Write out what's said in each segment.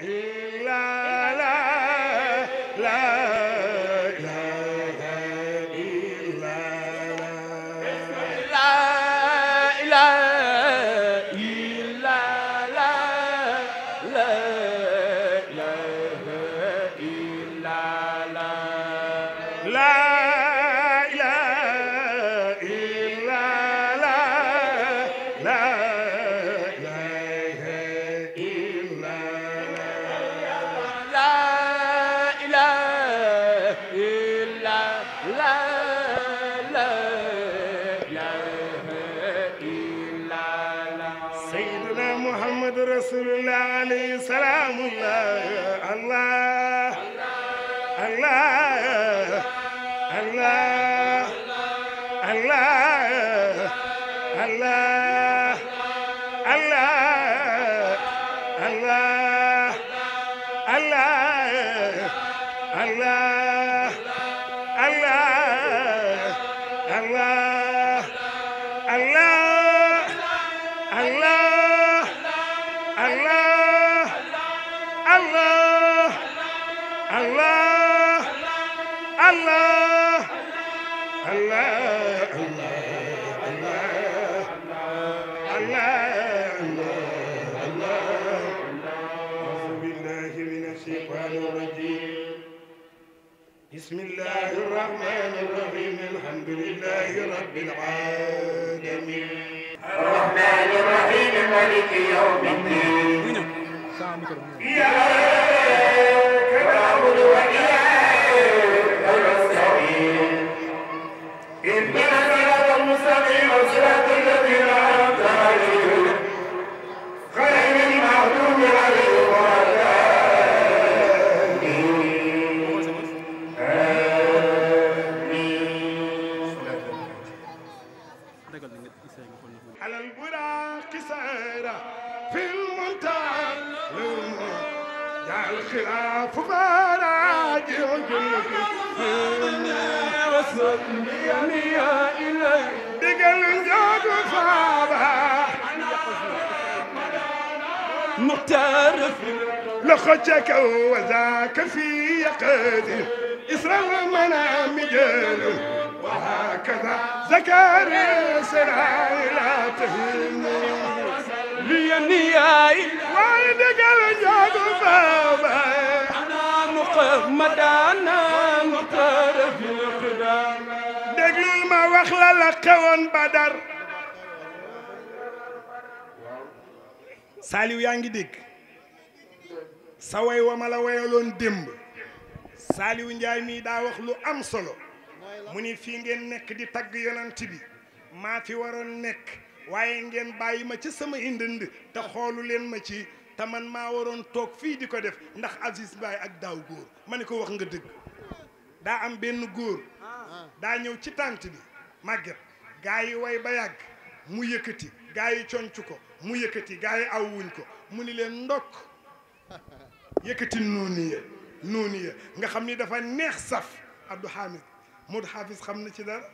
here. سراي لا تهمني لي نياي والد قال جاد بابا انا مقمد انا مقرف القدام دقل ما وخلا لقون بدر Saliou yaa ngi dégg sa way wa ma la wayaloon démb Saliou Ndiaye mii daa wax lu am solo mu ni fii ngeen nekk di tagg yonent bi maa fi waroon nekk waaye ngeen bàyyi ma ci sama indënd te xoolu leen ma ci te man maa waroon toog fii di ko def ndax Aziz Mbaye ak daaw góor ma ne ko wax nga dëgg daa am benn góor daa ñëw ci tànt bi màgget gaa yi way ba yàgg mu yëkkati gaa yi conc ko mu yëkkati gaa yi aw wuñ ko mu ni leen ndokk yëkkati noonu ya noonu ya nga xam ni dafa neex saf Abdou Hamid Modou Hafiz xam na ci dara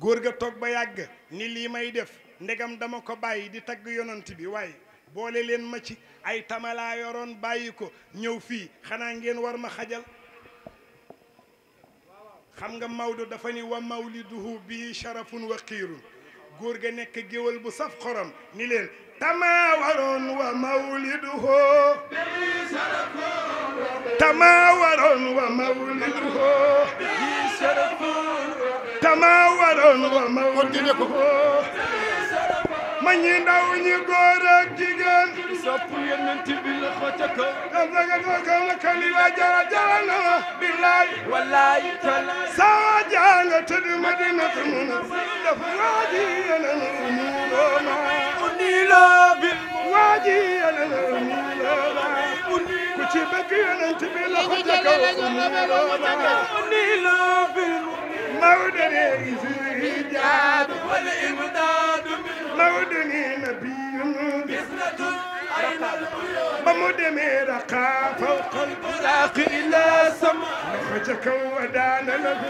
góor ga toog ba yàgg ni lii may def ndegam dama ko bàyyi di tagg yonant bi waaye boole leen ma ci ay tamalaa yoroon bàyyi ko ñëw fii xanaa ngeen war ma xajal xam nga Maodo dafa ni wa mawliduhu bii sharafun wa xiirun góor ga nekk géwal bu saf xorom ni leen tamaa waroon wa mawliduhu tamaa waroon wa mawliduhu ma waroon wa ma ma ñi ndaw ñi góor ak jigéen sopp yonent bi la ko ca kaw dam daga dama kaw na kali la jara jara na ma billaay wallaay tala sawa janga tëdd madina tu mun dafa waaji yana na umuloo ma uniloo bil waaji yana na umuloo ma ku ci bëgg yonent bi la ko ca kaw umuloo ma uniloo bil مولدي يزيد والإمداد مولدي نبي بسنة أين البيوت بمدمي رقى فوق البراق إلى السماء لخجك ودان له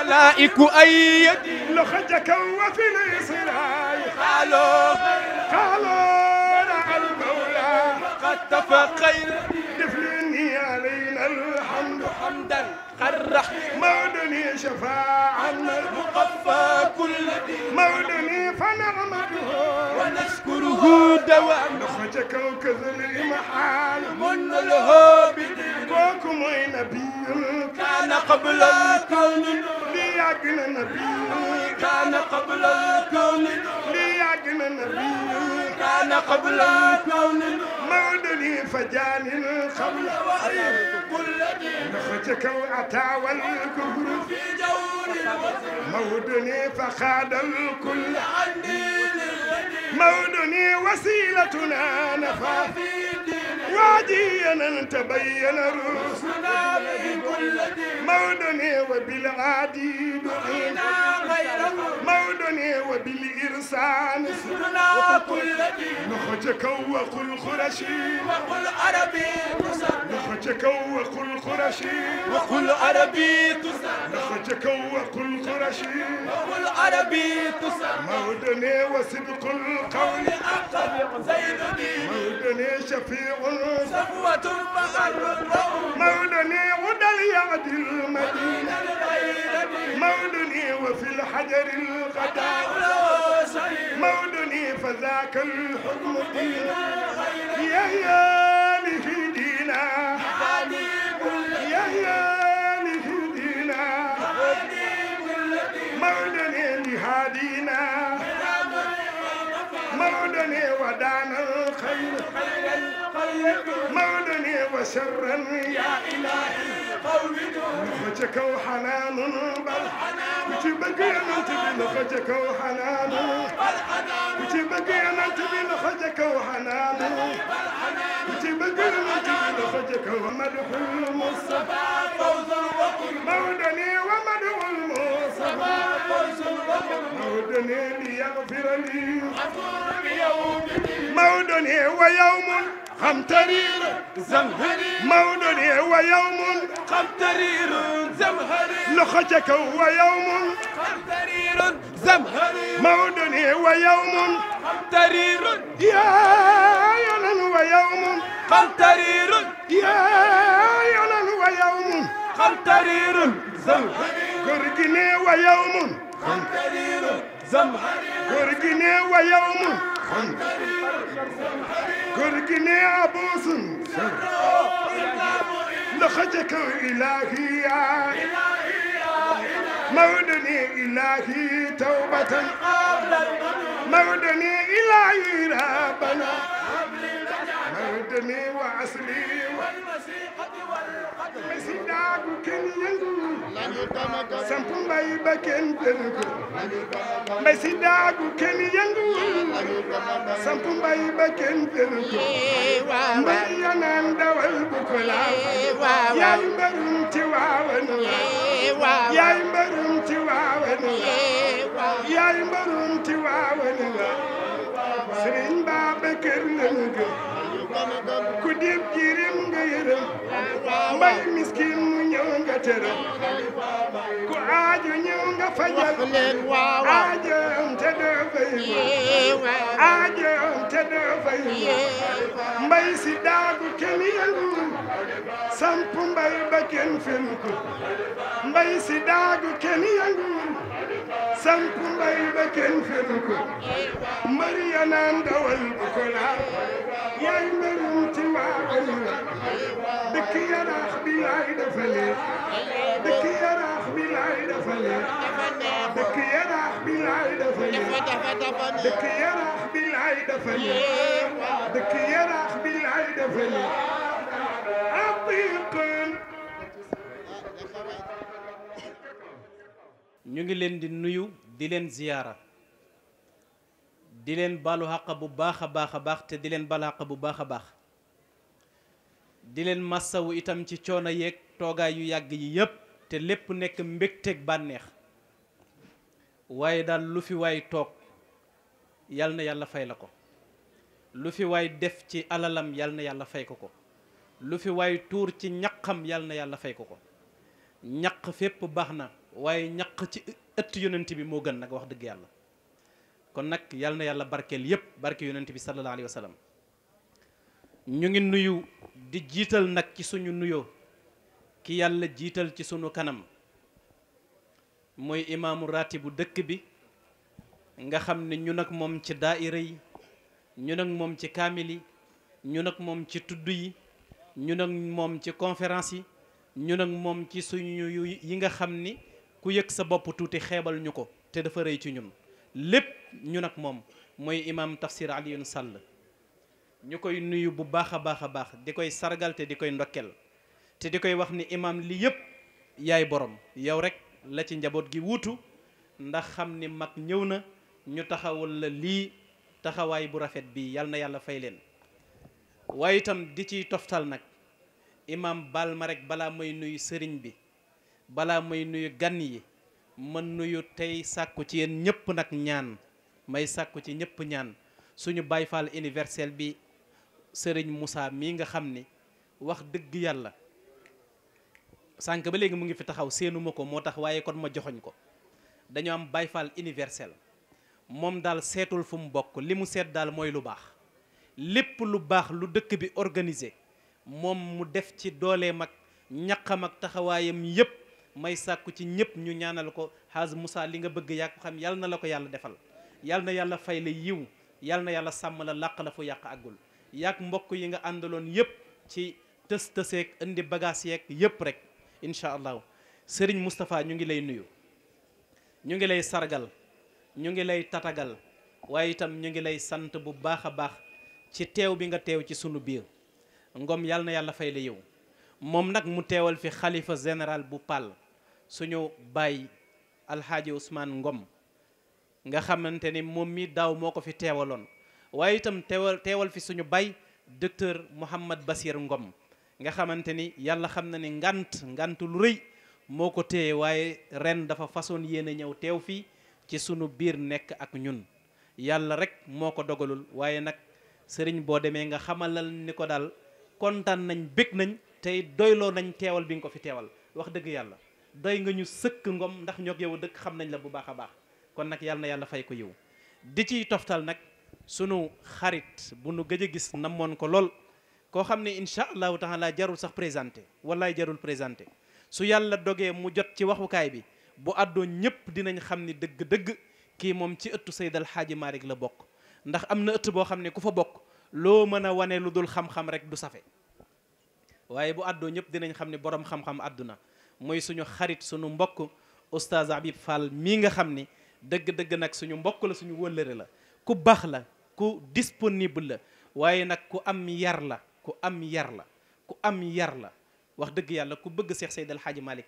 ملائك أيدي لخجك وفي الإسراء قالوا قالوا رأى المولى قد تفقين دفلني عليه قرح مولني شفاعة المقفى كل مولني فنعمده ونشكره دوام نخرجك وكذل المحال من له بدل وكم نبي كان قبل الكون ليعقل نبي كان قبل الكون ليعقل نبي كان قبل الكون مولدي فجان قبل وحي كل نختك واتى والكفر في جور مولدي فخاد الكل عني مولني وسيلتنا نفى وعدينا تبين رسلنا في كل دين مولني وبالعادي دعينا مودني وبالإرسان سترنا كل نخجك وقل خرشي وقل عربي نخجك وقل خرشي وقل عربي نخجك وقل خرشي وقل عربي مودني وصدق القول أقرب زيدني مودني شفيع صفوة مع الروم مودني ودل يعدل المدينة مولني وفي الحجر القدر مولني فذاك الحكم دينا يا يا له دينا يا يا له دينا مولني لهادينا مولني ودان الخير مولني وسرا يا إلهي قومنا نخجك وحنان بل حنان وتبقينا أنت بنخجك وحنان بل حنان وتبقينا أنت بنخجك وحنان بل حنان وتبقينا أنت بنخجك ومدح المصطفى فوز وقل مودني ومدح المصطفى فوز وقل مودني ليغفر لي عفوا بيومه مودني ويوم قمترير زمهري مولد ويوم قمترير زمهري لخجك ويوم قمترير زمهري مولد ويوم قمترير يا يلن ويوم قمترير يا يلن ويوم قمترير زمهري كرجني ويوم قمترير قرقني ويوم قرقني عبوس لخجك إلهي مولني إلهي توبة مولني إلهي ربنا مولني وعسلي والمسيقة والمسيقة samp mbay ba kenn tënu ko mbay si daagu kenn yëngu samp ba kenn tënu ko mbay ya naan dawal bu ko laal yaay mbërum yaay mbërum ci waawanu la yaay mbërum ci waawanu la sëriñ may miskin mu ñëw nga tëral ku aajo ñëw nga si daagu kenn yëngu samp mbay ba kenn fenku si daagu kenn yëngu samp mbay ba kenn fenku naan dawal bu dëkk yaraax bi laay defali dëkk yaraax bi laay defali aqiqal ñu ngi leen di nuyu di leen ziyaara di leen balu xaq bu baax a baax a baax te di leen balu xaq bu baax a baax di leen massawu itam ci coono yeeg toogaay yu yàgg yi yépp te lépp nekk mbégteeg bànneex waaye daal lu fi waay toog yal na yàlla fay la ko lu fi waay def ci alalam yal na yàlla fay ko ko lu fi waay tuur ci ñaqam yal na yàlla fay ko ko ñaq fépp baax na waaye ñaq ci ëtt yonent bi moo gën nag wax dëgg yàlla kon nag yal na yàlla barkeel yépp barke yonent bi sallallahu alayhi wa sallam ñu ngi nuyu di jiital nag ci suñu nuyoo ki yàlla jiital ci suñu kanam mooy imaamu raati bu dëkk bi nga xam ne ñu nag moom ci daayira yi ñun ak moom ci kaamil yi ñun ak moom ci tudd yi ñu ak moom ci conférence yi ñun ak moom ci suñu yi nga xam ni ku yëg sa bopp tuuti xeebal ñu ko te dafa rëy ci ñun lépp ñun ak moom mooy imaam Tafsir Alioune Sall ñu koy nuyu bu baax a baax a baax di koy sargal te di koy ndokkel te di koy wax ni imaam lii yëpp yaay boroom yow rekk la ci njaboot gi wuutu ndax xam ni mag ñëw na ñu taxawal la lii taxawaay bu rafet bi yal na yàlla fay leen waaye itam di ciy toftal nag imaam baal ma rek balaa may nuyu sëriñ bi balaa may nuyu gan yi ma nuyu tey sàkku ci yéen ñëpp nag ñaan may sàkku ci ñëpp ñaan suñu Baay Faal universel bi sëriñ Moussa mii nga xam ni wax dëgg yàlla sànq ba léegi mu ngi fi taxaw seenuma ko moo tax waaye kon ma joxoñ ko dañoo am Baye Fall universel moom daal seetul fu mu bokk li mu seet daal mooy lu baax lépp lu baax lu dëkk bi organisé moom mu def ci dooleem ak ñaqam ak taxawaayam yépp may sàkku ci ñëpp ñu ñaanal ko xaas musaa li nga bëgg yaa ko xam yal na la ko yàlla defal yal na yàlla fay la yiw yal na yàlla sàmm la làq la fu yàq àggul yaag mbokk yi nga àndaloon yëpp ci tës tëseeg indi bagaas yeeg yëpp rek incha allahu Serigne Moustapha ñu ngi lay nuyu ñu ngi lay sargal ñu ngi lay tatagal waaye itam ñu ngi lay sant bu baax a baax ci teew bi nga teew ci sunu biir ngoom yàlla na yàlla fay la yow moom nag mu teewal fi xalifa général bu pal suñu baay alxaaji Ousmane Ngom nga xamante ni moom mi daaw moo ko fi teewaloon waaye itam teewal teewal fi suñu bay docteur Mouhamad Bassir Ngom nga xamante ni yàlla xam na ne ngant ngant lu rëy moo ko téye waaye ren dafa façon yéen a ñëw teew fii ci suñu biir nekk ak ñun yàlla rek moo ko dogalul waaye nag sëriñ boo demee nga xamalal ni ko daal kontaan nañ bég nañ tey doyloo nañ teewal bi nga ko fi teewal wax dëgg yàlla doy nga ñu sëkk ngom ndax ñoo yow dëkk xam nañ la bu baax a baax kon nag yàlla na yàlla fay ko yiw di sunu xarit bu nu gëj a gis namoon ko lool koo xam ne incha allahu laa jarul sax présenté wallaay jarul présenté su yàlla dogee mu jot ci waxukaay bi bu àddoo ñëpp dinañ xam ni dëgg-dëgg kii moom ci ëttu Seydal Xaaji Maalik la bokk ndax am na ëtt boo xam ne ku fa bokk loo mën a wane lu dul xam-xam rek du safe waaye bu àddoo ñëpp dinañ xam ne borom xam-xam àdduna mooy suñu xarit suñu mbokk oustaz Habib Fall mii nga xam ni dëgg-dëgg nag suñu mbokk la suñu wëllëre la ku baax la ku disponible la waaye nag ku am yar la ku am yar la ku am yar la wax dëgg yàlla ku bëgg Seex Seyd El Hadji Malick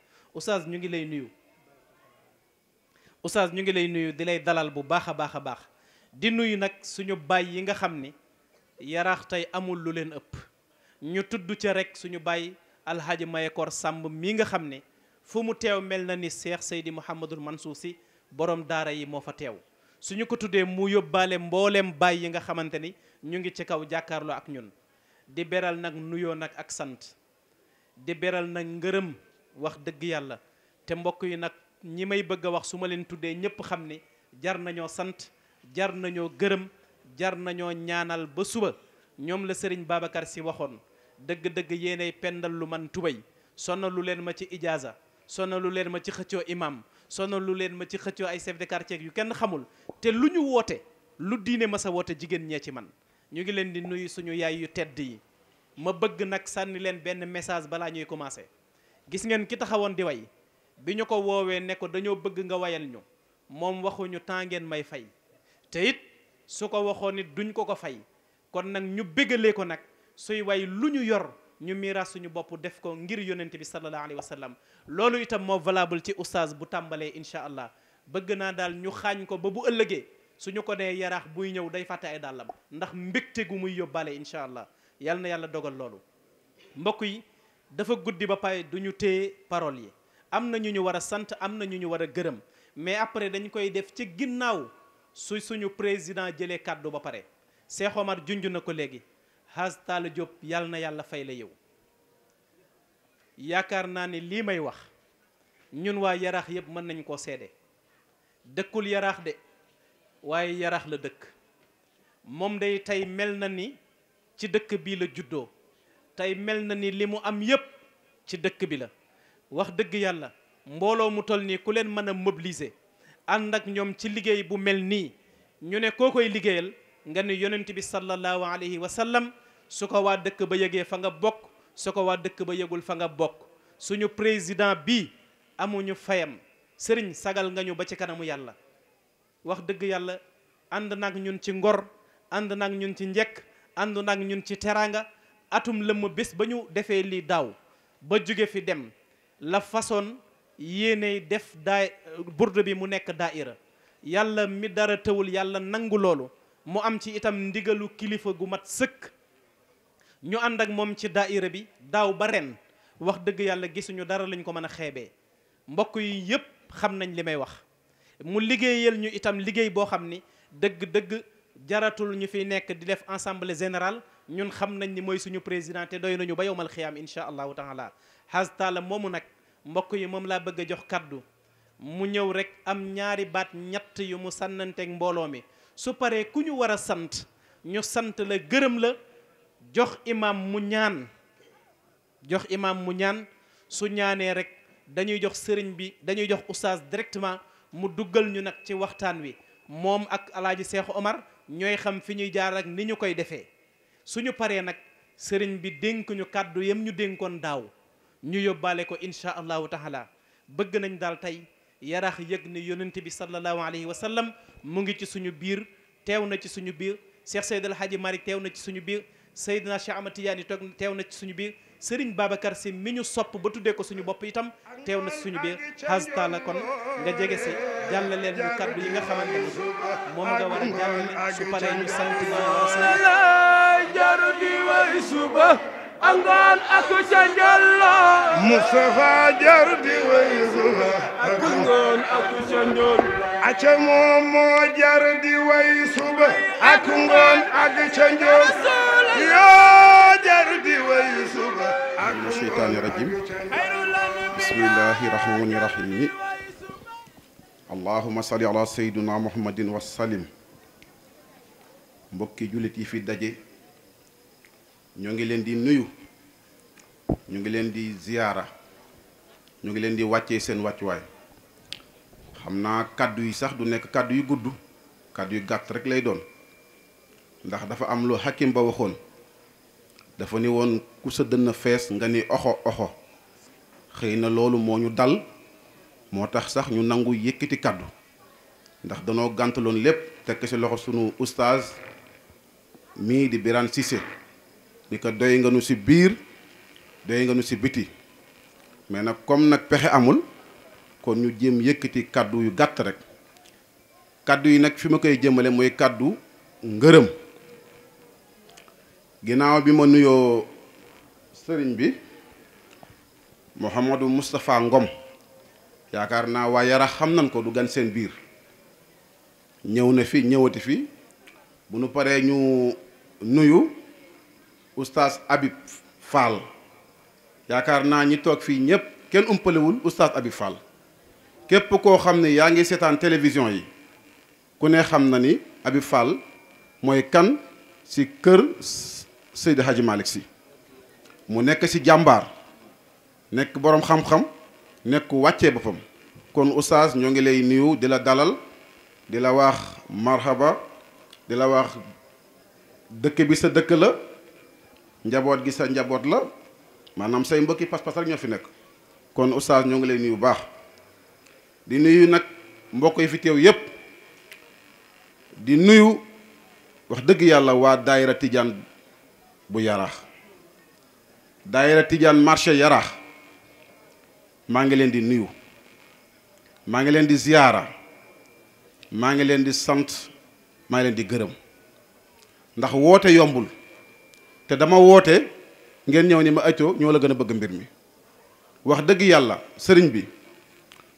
ñu ngi lay nuyu oustaz ñu ngi lay nuyu di lay dalal bu baax a baax a baax di nuyu nag suñu baay yi nga xam ni yaraax tey amul lu leen ëpp ñu tudd ca rek suñu baay alxaaji mayekoor sàmb mi nga xam ne fu mu teew mel na ni seex seydi muhammadul mansuur si borom daara yi moo fa teew suñu ko tuddee mu yóbbaale mbooleem baay yi nga xamante ni ñu ngi ci kaw jàkkaarloo ak ñun di beral nag nuyoo nag ak sant di beral nag ngërëm wax dëgg yàlla te mbokk yi nag ñi may bëgg a wax su ma leen tuddee ñépp xam ni jar nañoo sant jar nañoo gërëm jar nañoo ñaanal ba suba ñoom la sëriñ Babacar si waxoon dëgg-dëgg yee yéenay pendal lu man tubéy tubay lu leen ma ci ijaaza lu leen ma ci xëccoo imam sonalu leen ma ci xëccoo ay chef de quartier yu kenn xamul te lu ñu woote lu diine ma sa woote jigéen ñee ci man ñu ngi leen di nuyu suñu yaay yu tedd yi ma bëgg nag sànni leen benn message balaa ñuy commencé gis ngeen ki taxawoon di way bi ñu ko woowee ne ko dañoo bëgg nga wayal ñu moom waxuñu temps ngeen may fay te it su ko waxoon it duñ ko ko fay kon nag ñu bégalee ko nag suy way lu ñu yor ñu miiraas suñu bopp def ko ngir yonent bi sallallahu alayhi wa sallam loolu itam moo valable ci oustaz bu tàmbalee incha allah bëgg naa daal ñu xaañ ko ba bu ëllëgee suñu ko nee yaraax buy ñëw day fàtte ay dàllam ndax mbégte gu muy yóbbaale incha allah yal na yàlla dogal loolu mbokk yi dafa guddi ba pare du ñu téye parole yi am na ñu ñu war a sant am na ñu ñu war a gërëm mais après dañ koy def ci ginnaaw su suñu président jëlee kàddu ba pare Cheikh Omar junj na ko léegi hastaala Diop yàlla na yàlla fay la yow yaakaar naa ni lii may wax ñun waa yaraax yëpp mën nañu koo seede dëkkul yaraax de waaye yaraax la dëkk moom day tey mel na ni ci dëkk bii la juddoo tey mel na ni li mu am yëpp ci dëkk bi la wax dëgg yàlla mbooloo mu toll nii ku leen mën a mobiliser ànd ak ñoom ci liggéey bu mel nii ñu ne koo koy liggéeyal nga ne yonent bi sallallahu alayhi wa su ko waa dëkk ba yëgee fa nga bokk su ko waa dëkk ba yëgul fa nga bokk suñu président bi amuñu fayam sëriñ sagal nga ñu ba ci kanamu yàlla wax dëgg yàlla ànd nag ñun ci ngor ànd nag ñun ci njekk ànd nag ñun ci teraanga atum lëmm bés ba ñu defee lii daaw ba jóge fi dem la façon yéeney def daa burde bi mu nekk daa ira yàlla mi dara tëwul yàlla nangu loolu mu am ci itam ndigalu kilifa gu mat sëkk ñu ànd ak moom ci daaira bi daaw ba ren wax dëgg yàlla gisuñu dara lañ ko mën a xeebee mbokk yi yëpp xam nañ li may wax mu liggéeyal ñu itam liggéey boo xam ni dëgg-dëgg jaratul ñu fiy nekk di def assemblée général ñun xam nañ ni mooy suñu président te doy nañu ba yowmal xiyaam insha allahu taala hastaala moomu nag mbokk yi moom laa bëgg a jox kàddu mu ñëw rek am ñaari baat ñett yu mu sànnanteeg mbooloo mi su pare ku ñu war a sant ñu sant la gërëm la jox imaam mu ñaan jox imaam mu ñaan su ñaanee rek dañuy jox sëriñ bi dañuy jox oustaz directement mu duggal ñu nag ci waxtaan wi moom ak alaaji Seexu Omar ñooy xam fi ñuy jaar ak ni ñu koy defee suñu paree nag sëriñ bi dénkuñu kàddu yam ñu dénkoon daaw ñu yóbbaale ko incha allahu taala bëgg nañ daal tey yarax yëg ni yonent bi sallallahu alayhi wa sallam mu ngi ci suñu biir teew na ci suñu biir Cheikh Seydal Hadji Malick teew na ci suñu biir Seydina amatiyaan yi Tidiane toog teew na ci suñu biir Serigne Babacar si mi ñu sopp ba tuddee ko suñu bopp itam teew na suñu biir hasta la kon nga jege si jàllaleel ñu kaddu yi nga xamante ni moom nga war a jàllale su paree ñu sant ñaanal jaru di way suba angaan ak ca di way suba ak ngoon ak ca njollo من الشيطان الرجيم بسم الله الرحمن الرحيم اللهم صل على سيدنا محمد وسلم mbokki jullit yi fi daje ñoo ngi leen di nuyu ñu ngi leen di ziyaara ñu ngi leen di wàccee seen wàccuwaay xam naa kàddu yi sax du nekk kàddu yu gudd kàddu yu gàtt rek lay doon ndax dafa am lu xakim ba waxoon dafa ni woon ku sa fees nga ni oxo oxo xëy na loolu moo ñu dal moo tax sax ñu nangu yëkkati kàddu ndax danoo gàntaloon lépp tekk ci loxo sunu oustaz mii di Birane Cissé ni ko doy nga nu si biir doy nga nu ci biti mais nag comme nag pexe amul kon ñu jéem yëkkati kàddu yu gàtt rek kàddu yi nag fi ma koy jëmale mooy kàddu ngërëm ginnaaw bi ma nuyoo sëriñ bi Mouhamadou Moustapha Ngom yaakaar naa waa Yarax xam nañ ko du gan seen biir ñëw na fi ñëwati fi bu nu paree ñu nuyu oustaz Habib Fall yaakaar naa ñi toog fii ñëpp kenn umpalewul oustaz Habib Fall képp koo xam ne yaa ngi seetaan télévision yi ku ne xam na ni Habib Fall mooy kan si kër Seydi Hadji Malick si mu nekk ci jàmbaar nekk boroom xam-xam nekk wàccee boppam kon oustaz ñoo ngi lay nuyu di la dalal di la wax marhaba di la wax dëkk bi sa dëkk la njaboot gi sa njaboot la maanaam say mbokki pas-pas rek ñoo fi nekk kon oustaz ñoo ngi lay nuyu baax di nuyu nag mbokk yi fi teew yépp di nuyu wax dëgg yàlla waa daayira Tijaan bu yaraax daayira tiijaan marché yaraax maa ngi leen di nuyu maa ngi leen di ziyaara maa ngi leen di sant maa ngi leen di gërëm ndax woote yombul te dama woote ngeen ñëw ni ma acco ñoo la gën a bëgg mbir mi wax dëgg yàlla sëriñ bi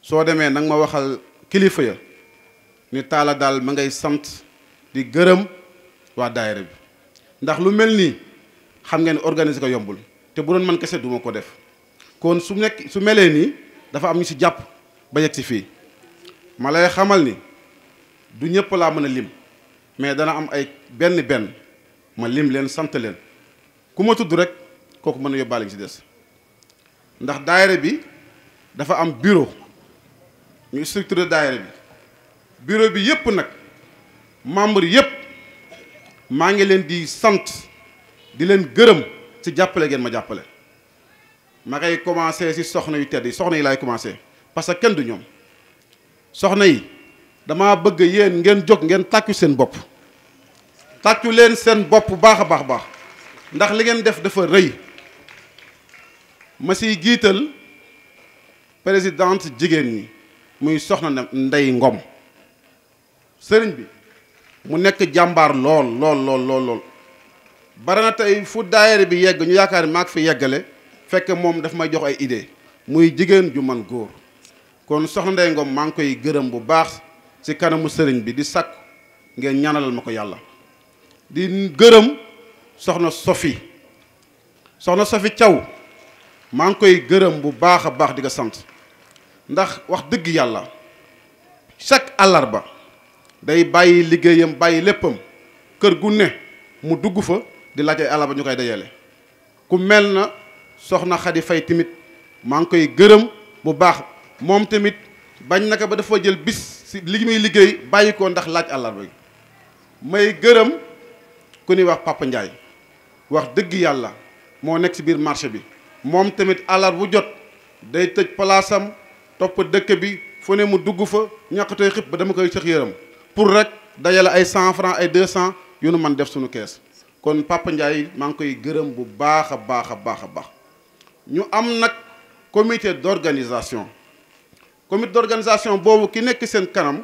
soo demee nag ma waxal kilifa ya ni taala daal ma ngay sant di gërëm waa daayira bi ndax lu mel nii xam ngeen organiser ko yombul te bu doon man kese du ma ko def kon su nekk su melee nii dafa am ñu si jàpp ba yegg si fii ma lay xamal ni du ñëpp laa mën a lim mais dana am ay benn benn ma lim leen sant leen ku ma tudd rek kooku mën a yóbbaale si des ndax daayira bi dafa am bureau ñu structuré daayira bi bureau bi yëpp nag membre yëpp maa ngi leen di sant di leen gërëm ci jàppale ngeen ma jàppale ma ngay commencé ci soxna yu tedd yi soxna yi laay commencé parce que kenn du ñoom soxna yi dama bëgg yéen ngeen jóg ngeen tàccu seen bopp tàccu leen seen bopp baax a baax baax ndax li ngeen def dafa rëy ma siy jiital présidente jigéen ñi muy soxna Ndey Ngom sëriñ bi mu nekk jàmbaar lool lool lool lool lool bari na tey fu daayere bi yegg ñu yaakaar maa maak fi yeggale fekk moom daf may jox ay idée muy jigéen ju man góor kon soxna Ndeye Ngom maa ngi koy gërëm bu baax ci kanamu sëriñ bi di sàkk ngeen ñaanalal ma ko yàlla di gërëm soxna sofi soxna Sophie caw maa ngi koy gërëm bu baax a baax di ko sant ndax wax dëgg yàlla chaque àllarba day bàyyi liggéeyam bàyyi léppam kër gu ne mu dugg fa di laaj ay alaba ñukay dajalé ku melna soxna Xadi Fay timit maa koy gëreum bu baax mom tamit bañ naka ba dafa jël bis si li muy liggéey ndax laaj alaba gi may gëreum ku ñuy wax Papa ndjay wax dëgg yalla mo nekk si biir marché bi mom tamit alar bu jot day tëj palaasam top dekk bi fu mu dugg fa ñàkkatee xib ba dama koy sëx yëram pour rek dajale ay 100 francs ay 200 yu nu man def suñu caisse kon Papa Ndiaye maa ngi koy gërëm bu baax a baax a baax a baax ñu am nag comité d'organisation comité d'organisation boobu ki nekk seen kanam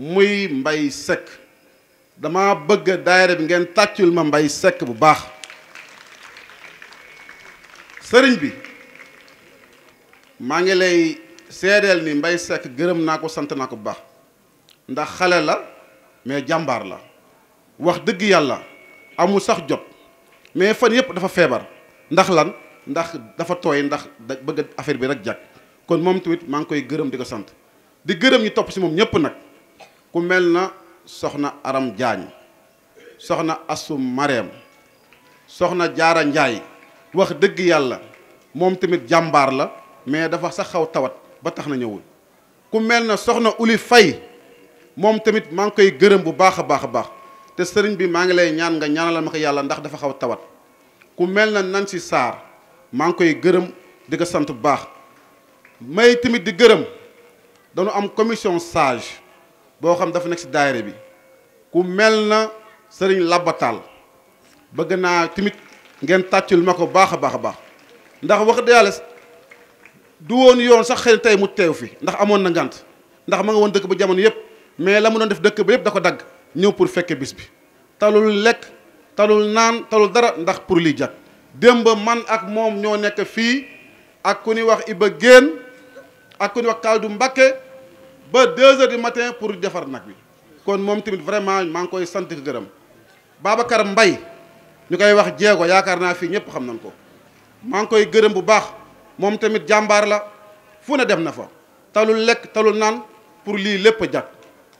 muy mbay sekk dama bëgg daayira bi ngeen tàccul ma mbay sekk bu baax sëriñ bi maa ngi lay seedeel ni mbay sekk gërëm naa ko sant naa ko bu baax ndax xale la mais jàmbaar la wax dëgg yàlla amul sax jot mais fan yëpp dafa feebar ndax lan ndax dafa tooy ndax da bëgg affaire bi rek jag kon moom tamit maa ngi koy gërëm di ko sant di gërëm ñi topp si moom ñëpp nag ku mel na soxna Aram Jaañ soxna Asu Mareem soxna Jaara Njaay wax dëgg yàlla moom tamit jàmbaar la mais dafa sax xaw tawat ba tax na ñëwul ku mel na soxna Uli Fay moom tamit maa ngi koy gërëm bu baax a baax a baax te serigne bi ma ngi lay ñaan nga ñaanal ma ko yalla ndax dafa xaw tawat ku mel nan ci sar ma ngi koy gëreum di ko sant bax may timit di gërëm dañu am commission sage bo xam dafa nek ci daayira bi ku mel serigne labatal bëgg na timit ngeen tatchul mako ko baax bax ndax wax de yalla du won yoon sax xel tay mu tew fi ndax amon na ngant ndax ma nga won dekk ba jamono yëpp mais la mu def dekk ba dako dag ñëw pour fekke bis bi talul lekk talul naan talul dara ndax pour lii jat démb man ak moom ñoo nekk fii ak ku ñuy wax Iba Géen ak ku ñuy wax Kaldu Mbakke ba deux heures du matin pour defar nag bi kon moom tamit vraiment maa ngi koy sant di gërëm Babacar Mbay ñu koy wax jeego yaakaar naa fii ñëpp xam nañ ko maa ngi koy gërëm bu baax moom tamit jàmbaar la fu ne dem na fa talul lekk talul naan pour lii lépp a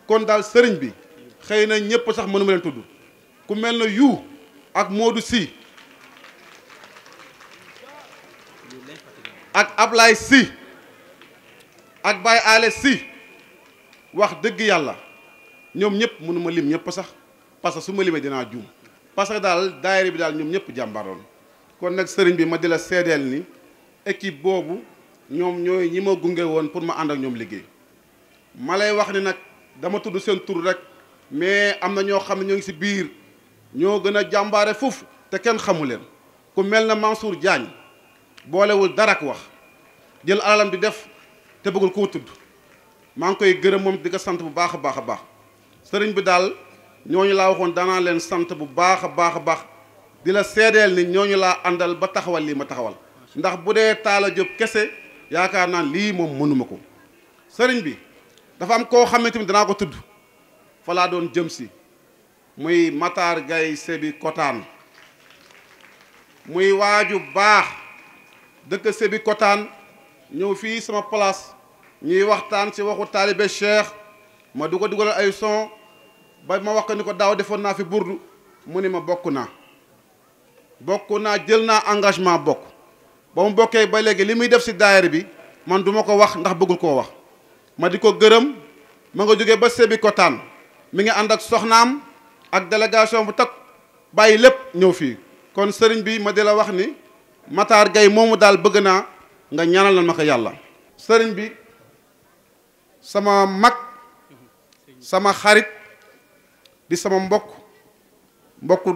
kon daal sëriñ bi xëy na ñëpp sax mënuma leen tudd ku mel na yu ak Modou Sy ak Ablaye Sy ak Baye Ale Sy wax dëgg yàlla ñoom ñëpp mënuma lim ñëpp sax parce que su ma limee dinaa juum parce que daal daayira bi daal ñoom ñëpp jàmbaroon kon nag sëriñ bi ma di la seedeel ni équipe boobu ñoom ñooy ñi ma gunge woon pour ma ànd ak ñoom liggéey ma lay wax ni nag dama tudd seen tur rek mais am na ñoo xam ne ñoo ngi si biir ñoo gën a jàmbaare foofu te kenn xamu leen ku mel na Mansour Diagne boolewul dara ak wax jël alalam di def te bëggul koo tudd maa ngi koy gërëm moom di ko sant bu baax a baax a baax sëriñ bi daal ñooñu laa waxoon danaa leen sant bu baax a baax a baax di la seedeel ni ñooñu laa àndal ba taxawal lii ma taxawal ndax bu dee taala jóg kese yaakaar naa lii moom mënuma ko sëriñ bi dafa am koo xam ne tamit danaa ko tudd falaa doon jëm si muy Matar Gaye Sébi Kotaan muy waaju baax dëkk Sébi Kotaan ñëw fii sama palaas ñuy waxtaan ci waxu taalibe Cheikh ma du ko dugalal ay son ba ma wax ko ni ko daaw defoon naa fi burdu mu ni ma bokk naa bokk naa jël naa engagement bokk ba mu bokkee ba léegi li muy def ci daayira bi man duma ko wax ndax bëggul koo wax ma di ko gërëm ma nga jógee ba Sébi Kotaan mi ngi and ak soxnam ak delegation bu tag baye lepp ñew fi kon serign bi ma dila wax ni Matar gay momu dal bëgg na nga ñaanal na bi sama mak sama xarit di sama mbokk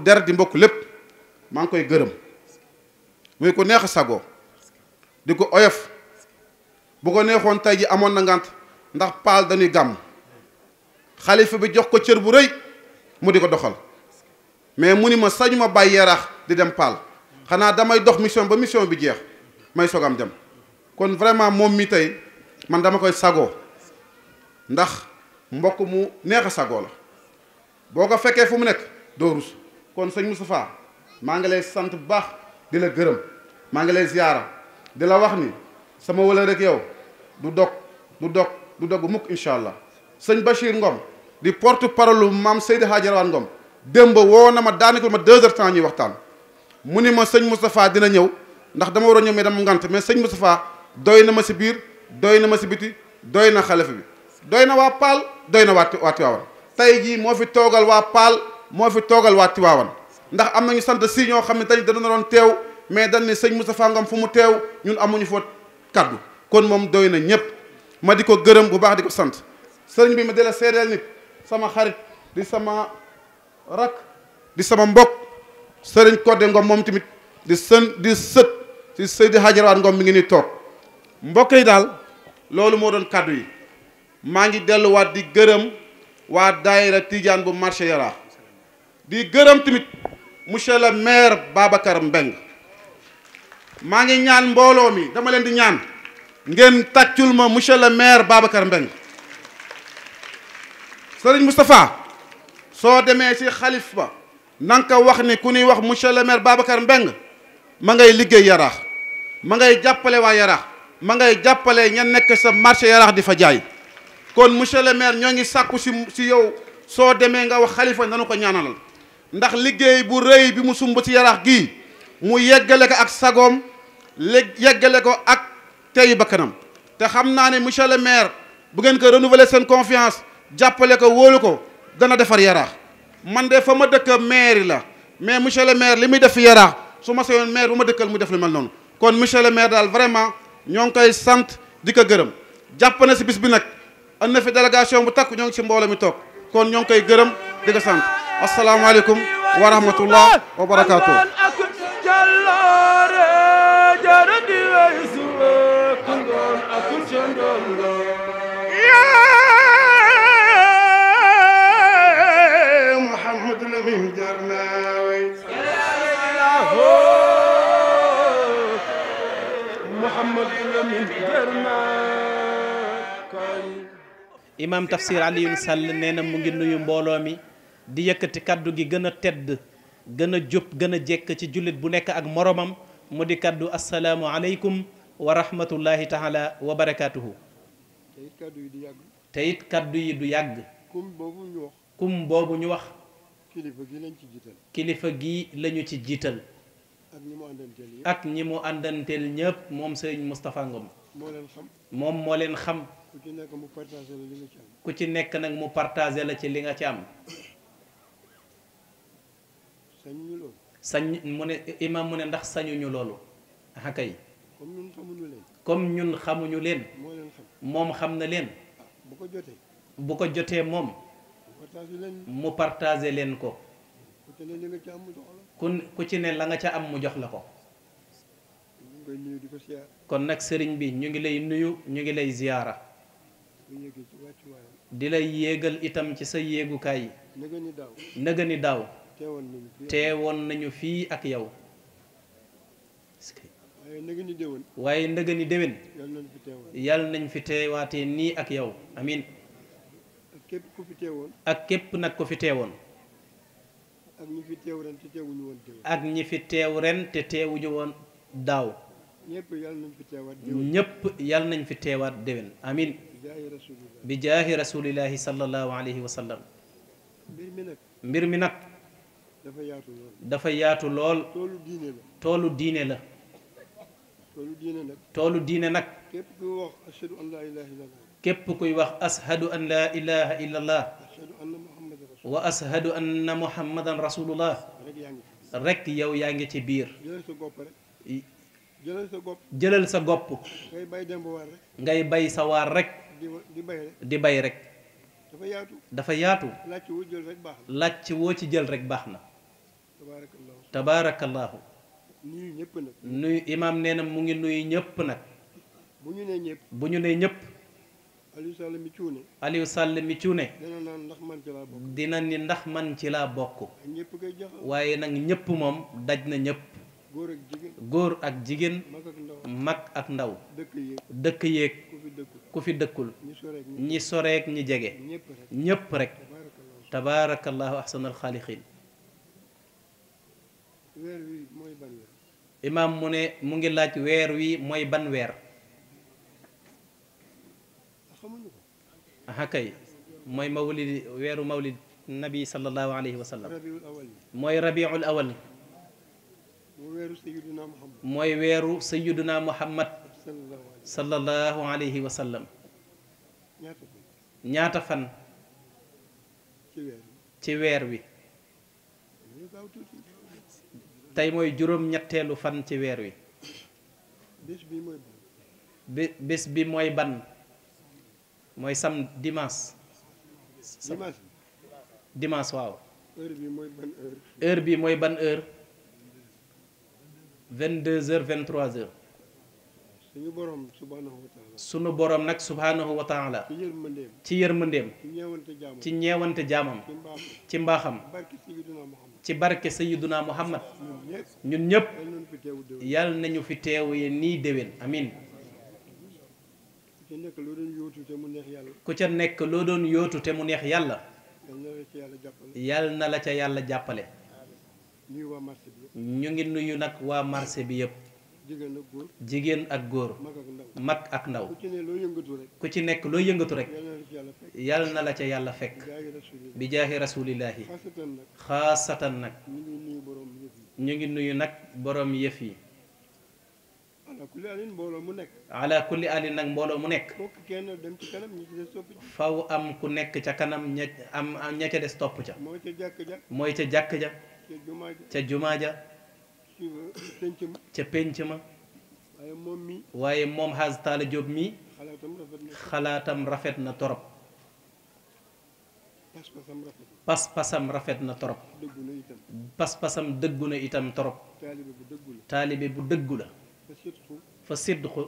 der di mbokk lepp ma ngi koy gëreum muy ko neex sago diko oyef bu ko neexon tey ji na ngant ndax pal dañuy gam xalifa bi jox ko cër bu rëy mu di ko doxal mais mu ni ma sañu ma bàyyi yaraax di dem paal xanaa damay dox mission ba mission bi jeex may sogam dem kon vraiment moom mi tey man dama koy sago ndax mbokk mu neex a sago la boo ko fekkee fu mu nekk doo rus kon sëñ Moustapha maa ngi lay sant bu baax di la gërëm maa ngi lay ziyaara di la wax ni sama wala rek yow du dog du dog du dog mukk incha allah sëñ Bachir Ngom di porte parole maam Seydi Hadji Rawane Ngom démb woo na ma daanaka ma deux heures temps ñuy waxtaan mu ni ma sëñ Moustapha dina ñëw ndax dama war a ñëw mais dama ngant mais sëñ Moustapha doy na ma si biir doy na ma si biti doy na xalifa bi doy na waa Paal doy na waa waa Tiwaawan tey jii moo fi toogal waa Paal moo fi toogal waa Tiwaawan ndax am nañu sant si ñoo xam ne dañ dana doon teew mais dañ ne sëñ Moustapha Ngom fu mu teew ñun amuñu fa kaddu kon moom doy na ñëpp ma di ko gërëm bu baax di ko sant Sering bi ma di la nit sama xarit di sama rak di sama mbok serigne Codé Ngom mom timit di sen di seut di Seydi hadjarat Ngom mi ngi ni tok mbokk yi kadui mangi moo doon yi ma ngi wat di gërëm wa daaira Tidiane bu marché yara di gërëm timit monsieur le maire Babacar Mbeng mangi ngi ñaan mbolo mi dama len di ñaan ngeen tàccul ma monsieur le maire Babacar Mbeng serigne mustapha so deme ci xalif ba na nga wax ni kuni wax monsieur le maire Babacar Mbeng ma ngay liggéey yarax ma ngay jàppale wa yarax ma ngay jàppale ña nek sa marché yarax difa jaay kon monsieur le maire ñogi sàkku ci ci yow so deme nga wax khalifa nanu ko ñaanal ndax liggéey bu reuy bi mu sumbu ci yarax gi mu yeggale ko ak sagom yeggale ko ak tey bakanam te xamna naa ne monsieur le maire bu ngeen ko renouveler sen confiance jàppale ko wóolu ko dana defar yaraax man de fa ma dëkk maire la mais monsieur le maire li muy def fi yaraax su ma seyoon maire bu ma dëkkal mu def lu mel noonu kon monsieur le maire daal vraiment ñoo ngi koy sant di ko gërëm jàpp na si bis bi nag am na fi délégation bu takk ñoo ngi si mbooloo mi toog kon ñoo ngi koy gërëm di ko sant asalaamaaleykum wa rahmatullah wa barakaatu. imam tafsir ali ibn sall neena mu ngi nuyu mbolo mi di yëkkati kaddu gi gëna tedd gëna a gëna ci julit bu nekk ak moromam mu di kaddu assalamu alaykum wa rahmatullahi taala wa barakaatuhu te it kaddu yi du yag kum bobu ñu wax kum boobu ñu wax kilifa gi lañ ci kilifa gi lañu ci jital ak ñi mo andantel ñepp mom serigne Moustapha Ngom mom mo leen xam ku ci nekk mu partagé ku ci nekk nag mu partagé la ci li nga ci am. sañ mu ne ndax sañuñu loolu. kay. comme comme ñun xamuñu leen. moom xam na leen. bu ko jotee. bu ko jotee moom. mu partagé leen ko. ku ku ci ne la nga ca am mu jox la ko. kon nag sëriñ bi ñu ngi lay nuyu ñu ngi lay ziyaara. di lay yéegal itam ci sa yéegukaay yi nëga ni daaw teewoon nañu fii ak yow waaye ndëga ni déwén yal nañ fi teewaatee nii ak yow amin ak képp nag ko fi teewoon ak ñi fi teew ren te teewuñu woon ak ñi fi teew ren te teewuñu daaw ñëpp yal nañ fi teewaat déwén amin bi jaahi rasulillahi sallallahu alayhi wa sallam mbir mi nag mbir mi nag dafa yaatu lool toolu diine la toolu diine nag képp kuy wax ashhadu an laa ilaaha illallah képp kuy an laa ilaaha illallah yow yaa ngi ci biir jëlal sa gopp ngay bay sa waar rek ngay bay sa waar rek di bay rek dafa yaatu dafa yaatu. woo ci jël rek baax na. tabaarakallaahu. nuyu ñëpp nag. nuyu imaam nee na mu ngi nuyu ñëpp nag. bu ñu nee ñëpp. bu ñu mi cuune. Aliou Sall mi dina naan ndax man ci laa bokk. dina ni ndax man ci laa bokk. waaye nag ñëpp moom daj na ñëpp. góor ak jigéen ak jigéen. mag ak ndaw dëkk yéeg. ku fi dëkkul ñi soreek ñi jege ñépp rek tabaarakallaahu ahsanal xaaliqiin imaam mu ne mu ngi laaj weer wi mooy ban weer aha kay mooy mawlid weeru mawlid nabi sallallahu alayhi wa sallam mooy rabiul awal mooy weeru sayyiduna muhammad sallallahu alayhi wa sallam ñaata fan ci weer wi tey mooy juróom-ñetteelu fan ci weer wi bés bi mooy ban mooy sam dimanche dimanche waaw heure bi mooy ban heure vingt-deux heures vingt-trois heures suñu borom subhaanahu borom nag subhaanahu wa taala ci yërmandeem ci yërmandeem ci ñeewante jaamam ci mbaaxam ci barke sayyiduna muhammad ñun ñëpp yàlla nañu fi teew yi nii déwén amin ku ca nekk loo doon yootu te mu neex yàlla yàlla na la ca yàlla jàppale ñu ngi nuyu nag waa marché bi yëpp jigéen ak góor jigéen ak góor mag ak ndaw ku ci nekk loo yëngatu rek yàlla na la ca yàlla fekk bi jaahi rasulillahi xaasatan nag ñu ngi nuyu nag borom yëf yi ala kulli alin nag mbooloo mu nekk faw am ku nekk ca kanam ña ña ca des topp ca mooy ca jàkk ja ca jumaa ja ca penc ma waaye moom mi waaye moom xaas taala Diop mi xalaatam rafet na torop pas-pasam rafet na torop pas-pasam dëggu na itam torop taalibe bu dëggu la fa sidqu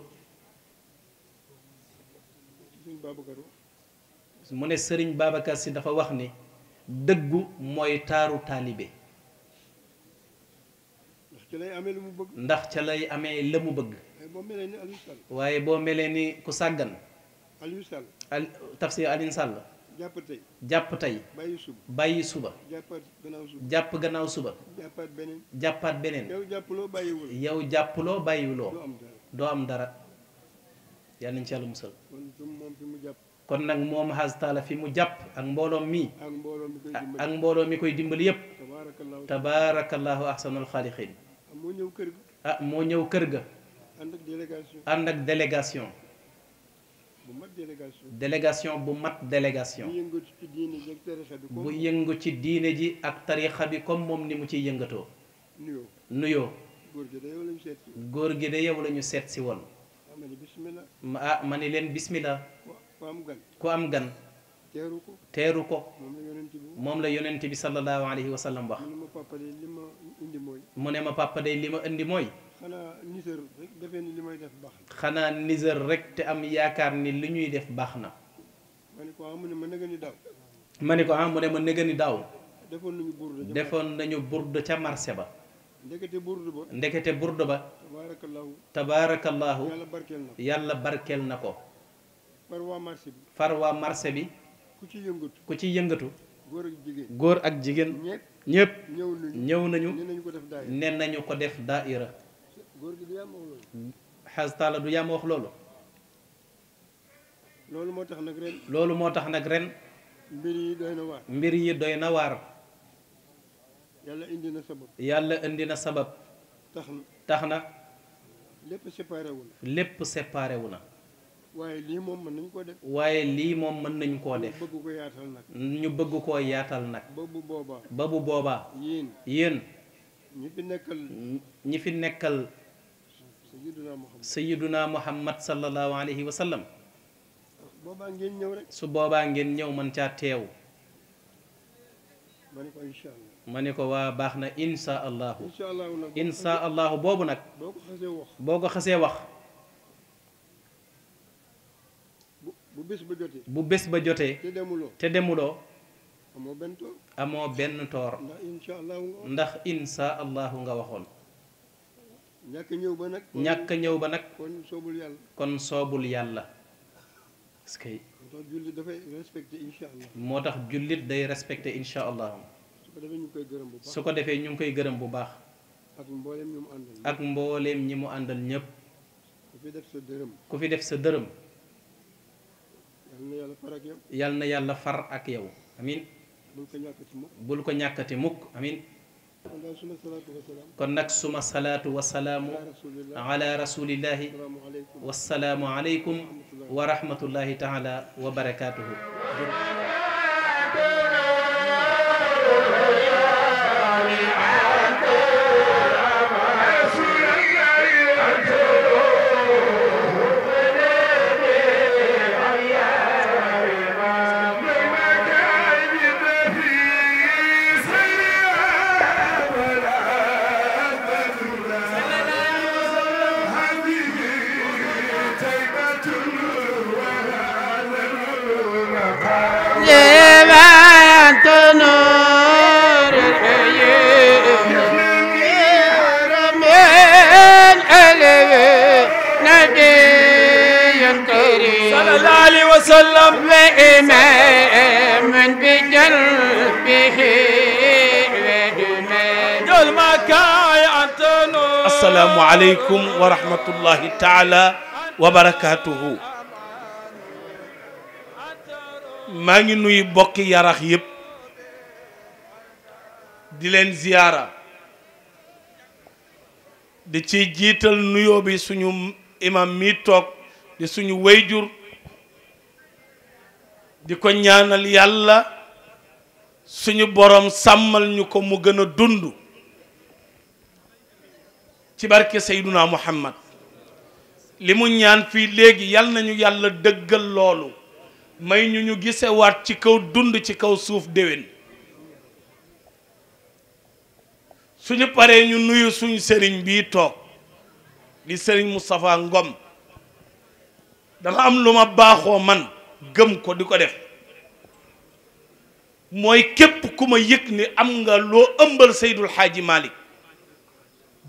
mu ne sëriñ Babacar si dafa wax ni dëggu mooy taaru taalibe ndax ca lay amee la mu bëgg waaye boo melee ni ku sàggan al tafsir Alioune Sall jàpp tey jàpp bàyyi suba jàpp gannaaw suba jàppaat beneen yow jàppuloo bàyyiwuloo doo am dara yal nañ ci yàlla musal kon nag moom xastaala fi mu jàpp ak mbooloom mi ak mbooloo mi koy dimbali yépp tabaarakallaahu ahsanul xaaliqiin Ah, moo ñëw kër ga. ah moo ñëw kër ga. ànd ak délégation. ànd ak délégation. bu mat délégation. délégation bu mat délégation. bu yëngu ci diine ji ak tarixa bi comme. yëngu ci diine ji ak tarixa bi comme moom ni mu ciy yëngatoo. nuyoo nuyoo. góor gi de yow la ñu gi de yow la seet si woon. ah ma ne ah, leen bismillah. ku am gan. teeru ko. moom la yonent bi sallallahu alayhi wa wax. mu ne ma papa li ma indi mooy. xanaa nisër rek li may def baax xanaa nisër rek te am yaakaar ni li ñuy def baax na. ma ne ko ah mu ne ma nëgë ni daaw. ma ne ko ah mu ne ma nëgë ni defoon nañu burde ca defoon nañu burde ca marché ba. ndekete burde ba. ndekete burde ba. tabaarakallahu. tabaarakallahu. yàlla barkeel na ko yàlla barkeel na ko. far waa marché bi. far waa marché bi. ku ci yëngatu ku ci yëngatu. góor ak jigéen. ñépp ñëw nañu ne nañu ko def daaira xas taala du yàmm wax loolu loolu moo tax nag ren loolu moo tax nag ren mbir yi doy na waar mbir yi doy na waar yàlla indi na sabab yàlla indi na sabab tax na lépp séparé na lépp séparé wu na waaye lii moom mën nañ koo def. waaye lii moom mën nañ koo def. ñu bëgg ko yaatal nag. ñu koo yaatal nag. ba bu boobaa. ba bu boobaa. yéen ñi fi nekkal. ñi fi nekkal. sayyiduna Muhammad sayyiduna Muhammad sallallahu alayhi wa su boobaa ngeen ñëw rek. man caa teew. ma ne ko ma ne ko waa baax na incha allahu. incha allahu boobu nag. boo ko xasee wax. bés bu bés ba jotee. te demuloo te demuloo. amoo benn toor amoo benn toor. ndax insha allahu nga waxoon nga waxoon. ñàkk ñëw ba nag. ñàkk ñëw ba nag. kon soobul yàlla. kon soobul yàlla. parce que. moo tax jullit dafay moo tax jullit day respecté insha allah. su ko defee ñu ngi koy gërëm bu baax su ko defee ñu koy gërëm bu baax. ak mbooleem ñi mu àndal. ak mbooleem ñi mu àndal ñëpp. ku fi def sa dërëm. ku fi def sa dërëm. yal na yàlla far ak yow amin bul ko ñàkkati mukk amin kon nag suma salaatu wa salaamu ala rasulillahi wasalaamu aleykum wa rahmatullahi taala wa barakaatuhu إمام بقلبه قل ما كايعتن السلام عليكم ورحمة الله تعالى وبركاته maa ngi nuyu bokki yarax yépp di leen ziyaara di ci jiital nuyoo bi suñu imam mi toog di suñu wayjur di ko ñaanal yàlla suñu borom sàmmal ñu ko mu gën a dund ci barke Seyduna Muhammad li mu ñaan fii léegi yal nañu yàlla dëggal loolu may ñu ñu gisewaat ci kaw dund ci kaw suuf déwén suñu paree ñu nuyu suñu sëriñ bii toog di sëriñ Moustapha Ngom dafa am lu ma baaxoo man gëm ko di ko def mooy képp ku ma yëg ni am nga loo ëmbal Seydul Xaaji Malick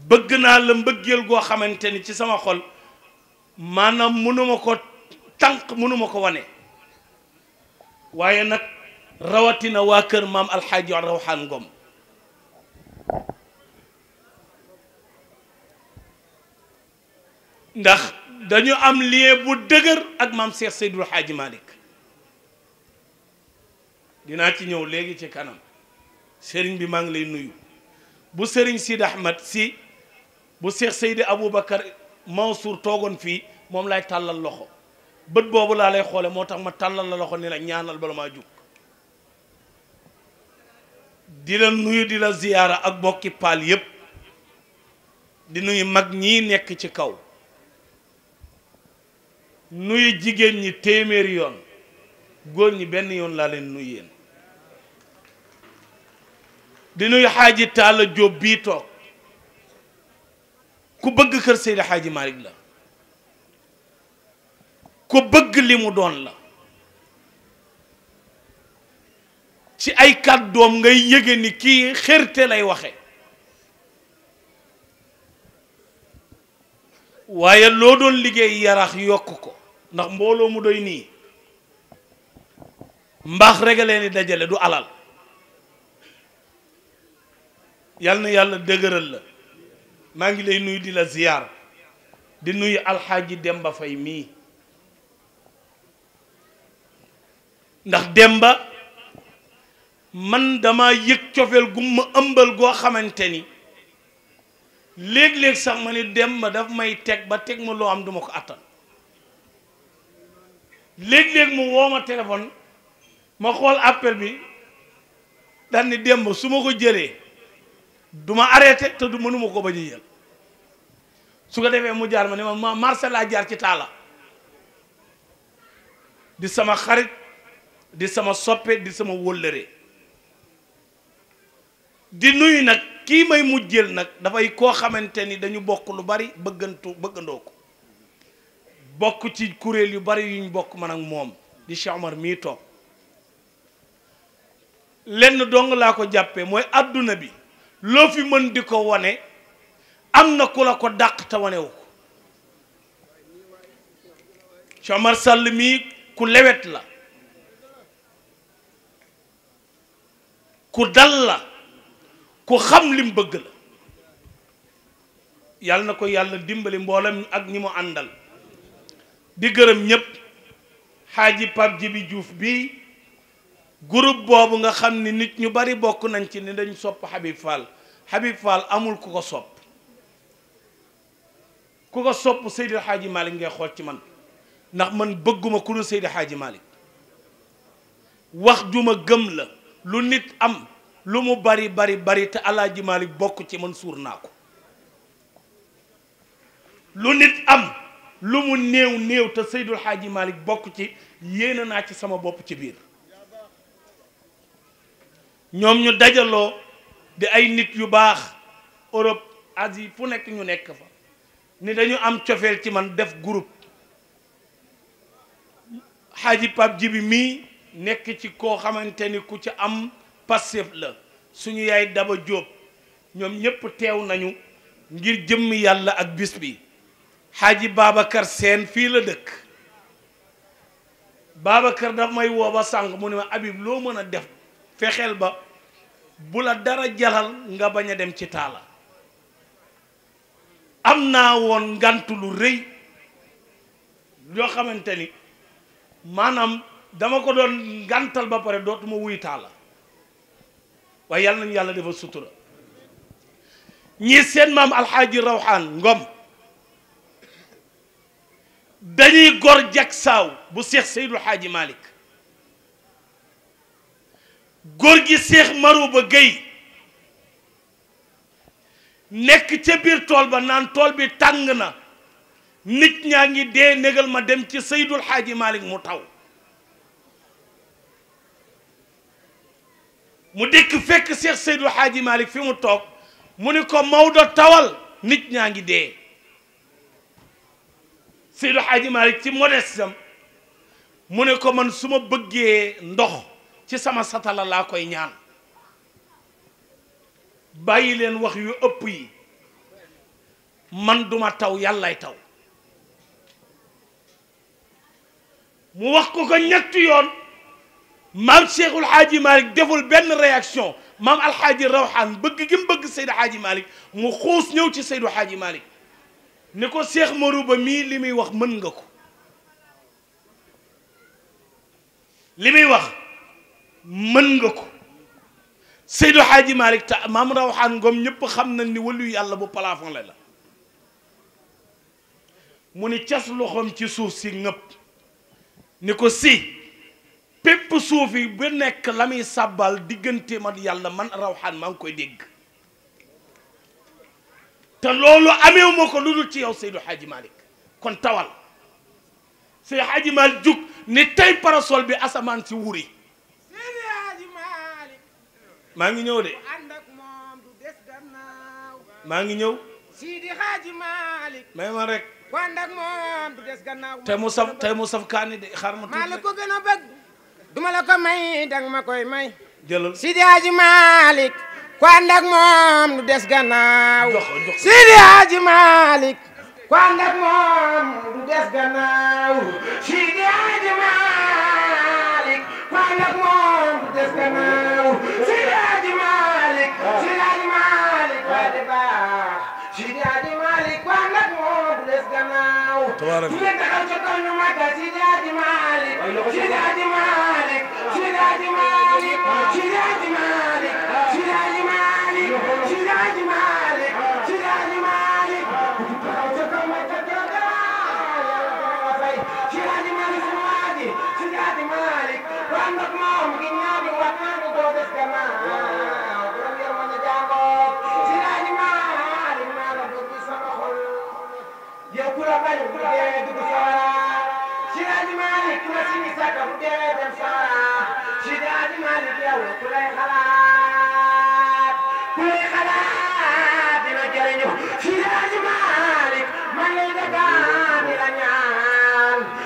bëgg naa la mbëggeel goo xamante ni ci sama xol maanaam mënuma ko tànk mënuma ko wane waaye nag rawatina waa kër maam alxaaji rawxaan ngom ndax dañu am lien bu dëgër ak maam Cheikh Seydil Hadji Malick dinaa ci ñëw léegi ci kanam sëriñ bi maa ngi lay nuyu bu sëriñ Sidi Ahmad si bu Cheikh Seydi Aboubacar Mansour toogoon fii moom lay tàllal loxo bët boobu laa lay xoole moo tax ma tàllal la loxo ni la ñaanal bala maa jug di la nuyu di la ziyaara ak bokki paal yépp di nuyu mag ñii nekk ci kaw nuyu jigéen ñi téeméer yoon góor ñi benn yoon laa leen nuyu yéen di nuyu xaaji Taala Jóob bii toog ku bëgg kër Seydi Xaaji Malick la ku bëgg li mu doon la ci ay doom ngay yëge ni kii xërte lay waxe waaye loo doon liggéey yarax yokk ko ndax mbooloo mu doy nii mbaax rek a leen dajale du alal yàlla na yàlla dëgëral la maa ngi lay nuyu di la ziyaar di nuyu alxaaji Demba Fay mii ndax Demba man dama yëg cofeel gu ma ëmbal goo xamante ni léeg-léeg sax ma ni Demba daf may teg ba teg ma loo am duma ko attan leg leg mu woma ma téléphone ma xol appel bi dan ni démb suma ko jere duma arrêté te du mënuma ko bañu yel su ko defee mu jaar ma ma marché jaar ci tala di sama xarit di sama soppé di sama wolléré di nuyu nak ki may mujjël nak, da fay ko xamanteni dañu bokku lu bari bëggantu bëggandoko bokk ci kuréel yu bari yuñ bokk man ak moom di Cheikh Omar mii toog lenn dong laa ko jàppe mooy àdduna bi loo fi mën di ko wane am na ku la ko dàq te wanewu ko Cheikh Omar Sall mii ku lewet la ku dal la ku xam lim bëgg la yàlla na ko yàlla dimbali mboolam ak ñi mu àndal di gërëm ñépp xaaji parji bi juuf bi groupe boobu nga xam ni nit ñu bari bokk nañ ci ni dañ sopp Habib Fall Habib Fall amul ku ko sopp ku ko sopp Seydi Xaaji Malick ngay xool ci man ndax man bëgguma ku dul Seydi Xaaji Malick wax juma gëm la lu nit am lu mu bari bari bari te Alaaji Malick bokk ci man suur naa ko lu nit am lu mu néew néew te Seydul Xaaji Malick bokk ci yéene naa ci sama bopp ci biir ñoom ñu dajaloo di ay nit yu baax Europe Asie fu nekk ñu nekk fa ni dañu am cofeel ci man def groupe xaaji ji bi mii nekk ci koo xamante ni ku ci am passif la suñu yaay Daba Jóob ñoom ñépp teew nañu ngir jëmm yàlla ak bis bi Haji Baba sen fi la Baba Kar daf may wo ba sang mu ne ma def fexel ba bu la dara jalal nga baña dem ci tala amna won woon ngant lu rëy yoo xamante ni dama ko don ngantal ba pare dotuma wuy tala yalla yalla sutura ñi sen mam alhaji rawhan ngom dañuy gor jag saaw bu seex Seydou Hadji Malick góor gi seex ba Gueye nekk ca biir tool ba naan tool bi tàng na nit ñaa ngi dee négal ma dem ci Seydou Hadji Malick mu taw mu dikk fekk seex Seydou Hadji Malick fi mu toog mu ni ko Maodo tawal nit ñaa ngi dee سيد الحاج مالك تي مودستم مونيكو مان سوما بوجي ندوخ تي سما ساتال لا كوي نيان باي لين واخ يو اوبي مان دوما تاو يالاي تاو مو واخ كوكو نيات يون مام شيخ الحاج مالك ديفول بن رياكسيون مام الحاج روحان بوجي كيم بوجي سيد الحاج مالك مو خوس نيو تي سيد الحاج مالك ni ko Cheikh Marou Ba mii li muy wax mën nga ko li muy wax mën nga ko Seydou Hadji Malick ta maam rawaxaan ngoom ñëpp xam nañ ni wallu yàlla bu plafond la mu ni cas loxoom ci suuf si ngëpp ni ko si pépp suuf yi ba nekk la muy sàbbal diggante man yàlla man rawaxaan maa ngi koy dégg te loolu ameewu ma ko lu dul ci yow Seydou Hadji Malick kon tawal Seydou Hadji Malick jug ni tey parasol bi asamaan si wuri maa ngi ñëw de maa ngi ñëw Sidi Hadji Malick may ma rek ànd ak moom des gannaaw tey mu saf mu saf kaani de xaar ma tuuti maa la ko gën a bëgg duma ko may danga ma koy may ku ànd ak moom du des gannaaw Sidi Hadji Malick ku ànd ak moom du des gannaaw Sidi Hadji Malick ku ànd ak moom du des gannaaw Sidi Hadji Malick Sidi Hadji Malick wa de baax Sidi Hadji Malick ku ànd ak moom du des gannaaw tabarak ñu taxaw ci kaw ñu màgg Sidi Hadji Malick Sidi Hadji Malick Sidi Hadji Malick Sidi Hadji Malick to Demai!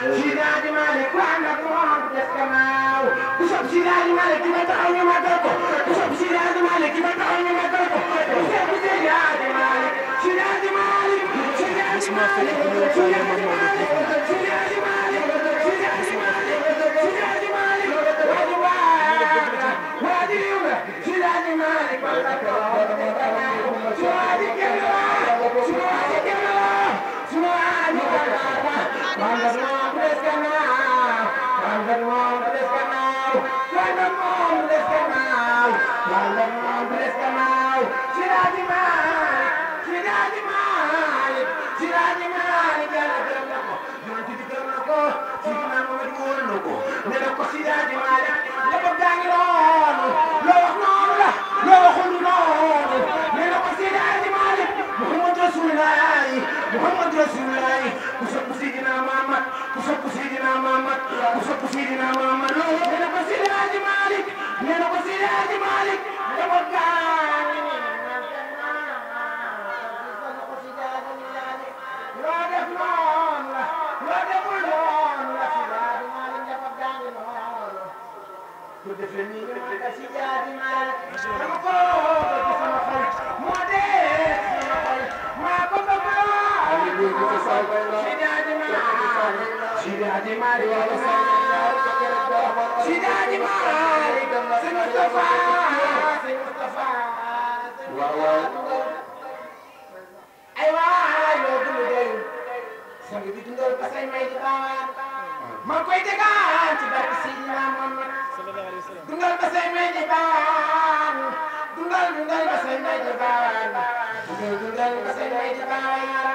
Cidade Malik, guarda desse canal Puxa pro Cidade male que vai cair no macaco. Puxa pro Cidade male que vai cair no macaco. Puxa pro Cidade Malik, Cidade Malik, Cidade Malik, Cidade Malik, Cidade quebrou, Thank you. Muhammad Rasulullah sopp Seydina Muhammad ku sopp Seydina Muhammad nee na ko Seydi Hadji Malick nee na ko Seydi Hadji Malick dama gaa loo def noonu la loo deful noonu la Seydi Hadji Malick dama gaa ngi noonu ku defe nii dama Seydi Hadji Malick dama ko sama xol moo dee sama xol maa ko bëgg Sidaji Malik, Sing Mustafa, Sing Mustafa, waaw waaw. aywa yoo dund doyul. sang bi dundal ba say may di baawaan. maa koy déggaan ci barke Seydina Muhammad. dundal ba say may di baawaan. dundal dundal ba say may di baawaan. dundal dundal ba say may di baawaan.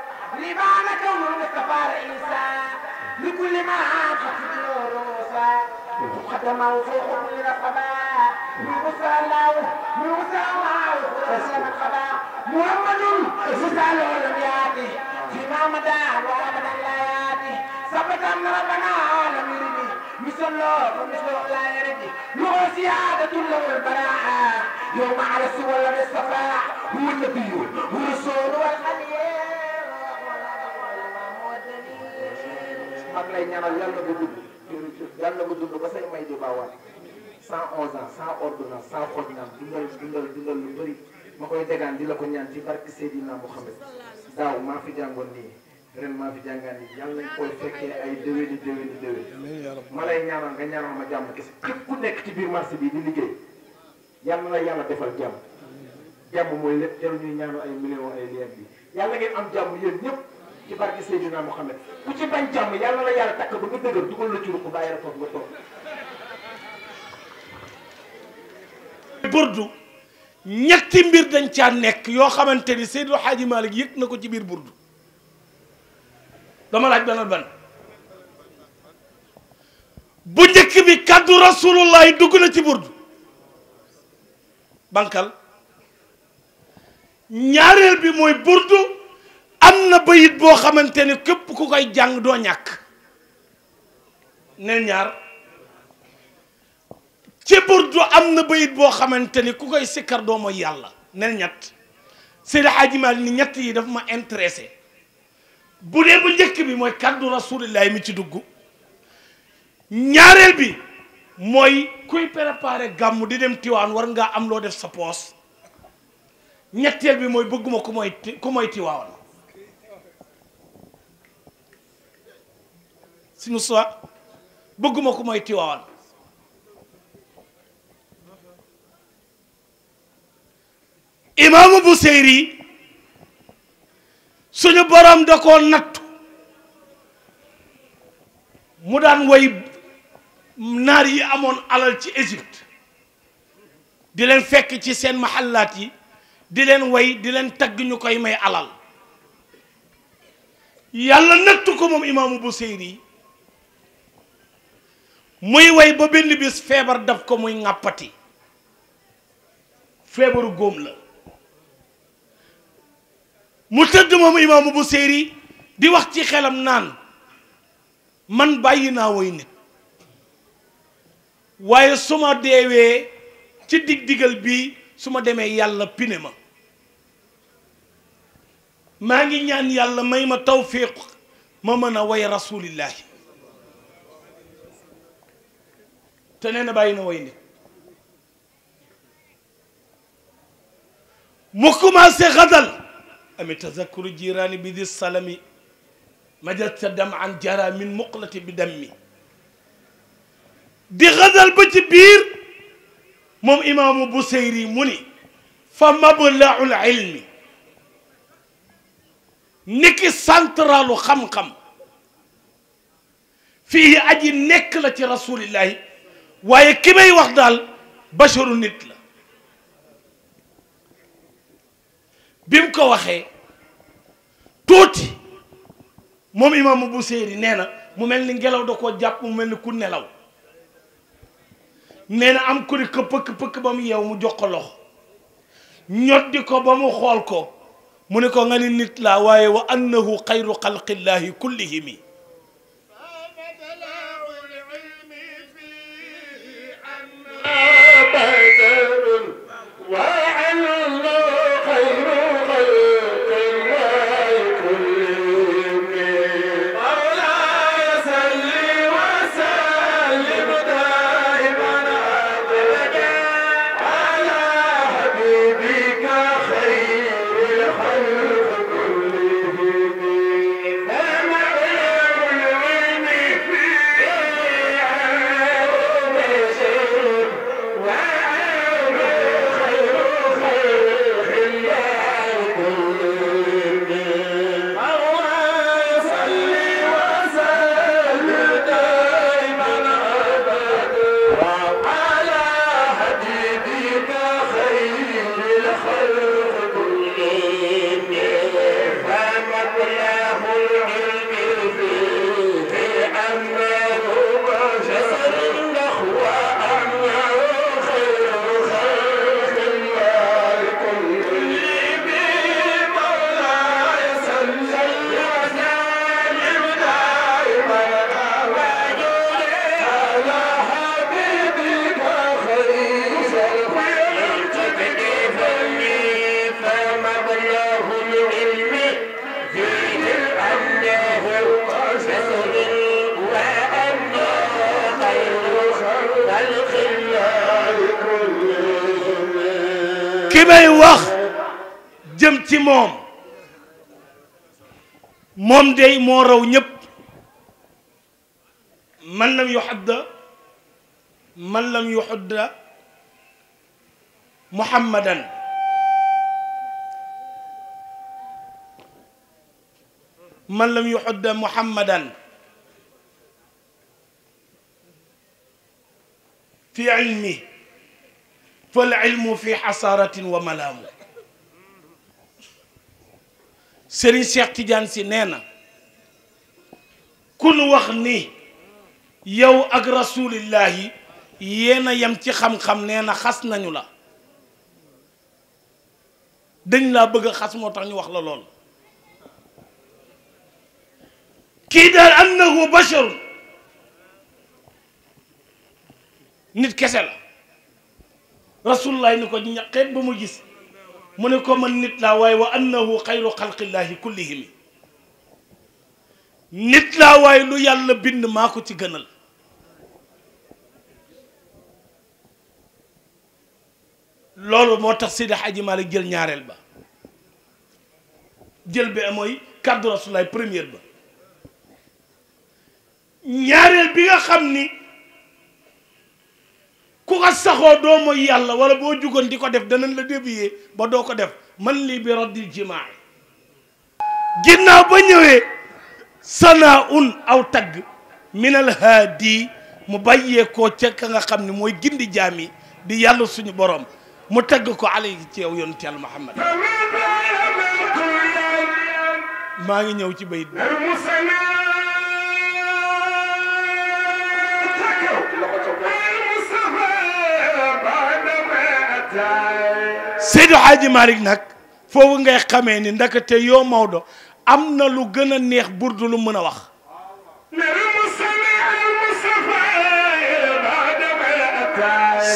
ربان كون المصطفى رئيسا لكل ما حافظ الروسا وقدم وفوق كل رقبا يوسع الله يوسع الله وسلم الخبا محمد رسول لم ياتي فيما مدى وابدا لا ياتي ثبت ان ربنا لم يرد مثل الله ومثله لا يرد له زياده له البراءه يوم على السوى لم يستطاع هو النبي والرسول والخليل maa ngi lay ñaanal yàlla nga dund yàlla nga dund ba say may di baawaat sans ans sans ordonnance sans xooj naan dundal dundal dundal lu bëri ma koy degaan di la ko ñaan ci barke Seydina Mouhamed daaw maa fi jàngoon nii ren maa fi jàngaan nii yàlla ay déwéni déwéni ma lay ñaanal nga ñaanal ma ku nekk ci marché bi di liggéey yàlla na yàlla defal jàmm jàmm mooy lépp jarul ñuy ñaanu ay millions ay liens bi yàlla ngeen am jàmm ci barke Seydina Mouhamed ku ci bañ jàmm yàlla la yàlla burdu ñetti mbir dañ caa nekk yoo xamante ni Seydou Hadji Malick yëg na ko ci biir burdu dama laaj benn ban bu njëkk bi kaddu rasulullahi dugg na ci burdu bankal ñaareel bi mooy burdu. am na bayit boo xamante ne képp ku koy jàng doo ñàkk nel ñaar ci burdu am na bayit boo xamante ni ku koy sikkar doo mooy yàlla nel ñett Seydi Hadji Malick ni ñett yi dafa ma intéressé bu dee bu bi mooy kàddu rasulillahi mi ci dugg ñaareel bi mooy kuy préparé gàmm di dem tiwaan war ngaa am loo def sa poos ñetteel bi mooy bëgguma ku mooy ku mooy tiwaawan si Moussa bëgguma ko mooy Tiwaawan imaamu Buseyri suñu borom da koo nattu mu daan woy naar yi amoon alal ci Égypte di leen fekk ci seen maxallaat yi di leen woy di leen tagg ñu koy may alal yàlla nattu ko moom imaamu Buseyri muy way ba benn bis feebar daf ko muy ŋàppati feebaru góom la mu tëdd moom imaamu bu séeri di wax ci xelam naan man bàyyi naa woy nit waaye su ma deewee ci digg digal bi su ma demee yàlla pine ma maa ngi ñaan yàlla may ma tawfiq ma mën a way rasulillahi تنين باين وين مكما سيغدل أمي تذكر جيراني بذي السلامي مجدت دم عن جرى من مقلتي بدمي دي غدل بتي بير مم إمام بوسيري مني فما بلع العلم نكي سانترالو خمخم فيه أجي نكلة رسول الله waaye ki may wax daal basharu nit la bi mu ko waxee tuuti moom imaamu Buseeri nee na mu mel ni ngelaw da koo jàpp mu mel ni ku nelaw nee na am ku ne ko pëkk pëkk ba mu yeew mu jox ko loxo ñoddi ko ba mu xool ko mu ne ko nga ni nit laa waaye wa annahu xayru xalqillaahi kullihimi moom moom day moo raw ñëpp man lam yuxadda man lam yuxadda muhammadan man lam yuxadda muhammadan fi ilmi fal ilmu fi xasaaratin wa malaamu Serigne Cheikh Tidiane si nee na ku wax ni yow ak rasulillahi yéen a yem ci xam-xam nee na xas nañu la dañ laa bëgg a xas moo tax ñu wax la lool kii daal annahu basharun nit kese la rasulullah ni ko ñaqeet ba mu gis منكم من نتلا واي وأنه خير خلق الله كلهم نتلا واي لو يلا بين ما كنتي جنل لولو موتا سيدي حاجي مالك جيل نيارل با جيل بي اموي رسول الله بريمير با نيارل بيغا خامني ku ko saxoo doo mooy yàlla wala boo jugoon di ko def danañ la dévier ba doo ko def man lii bi raddil jimaa ginnaaw ba ñëwee sanaa aw tagg minal haadi mu bàyyeekoo ca ka nga xam ne mooy gindi jaam yi di yàlla suñu borom mu tagg ko alayhi ci yow yonent yàlla Muhammad maa ngi ñëw ci bay bi Seydi Hadji Malick nag foofu ngay xamee ni ndakate yoo Maodo am na lu gën a neex burdu lu mën a wax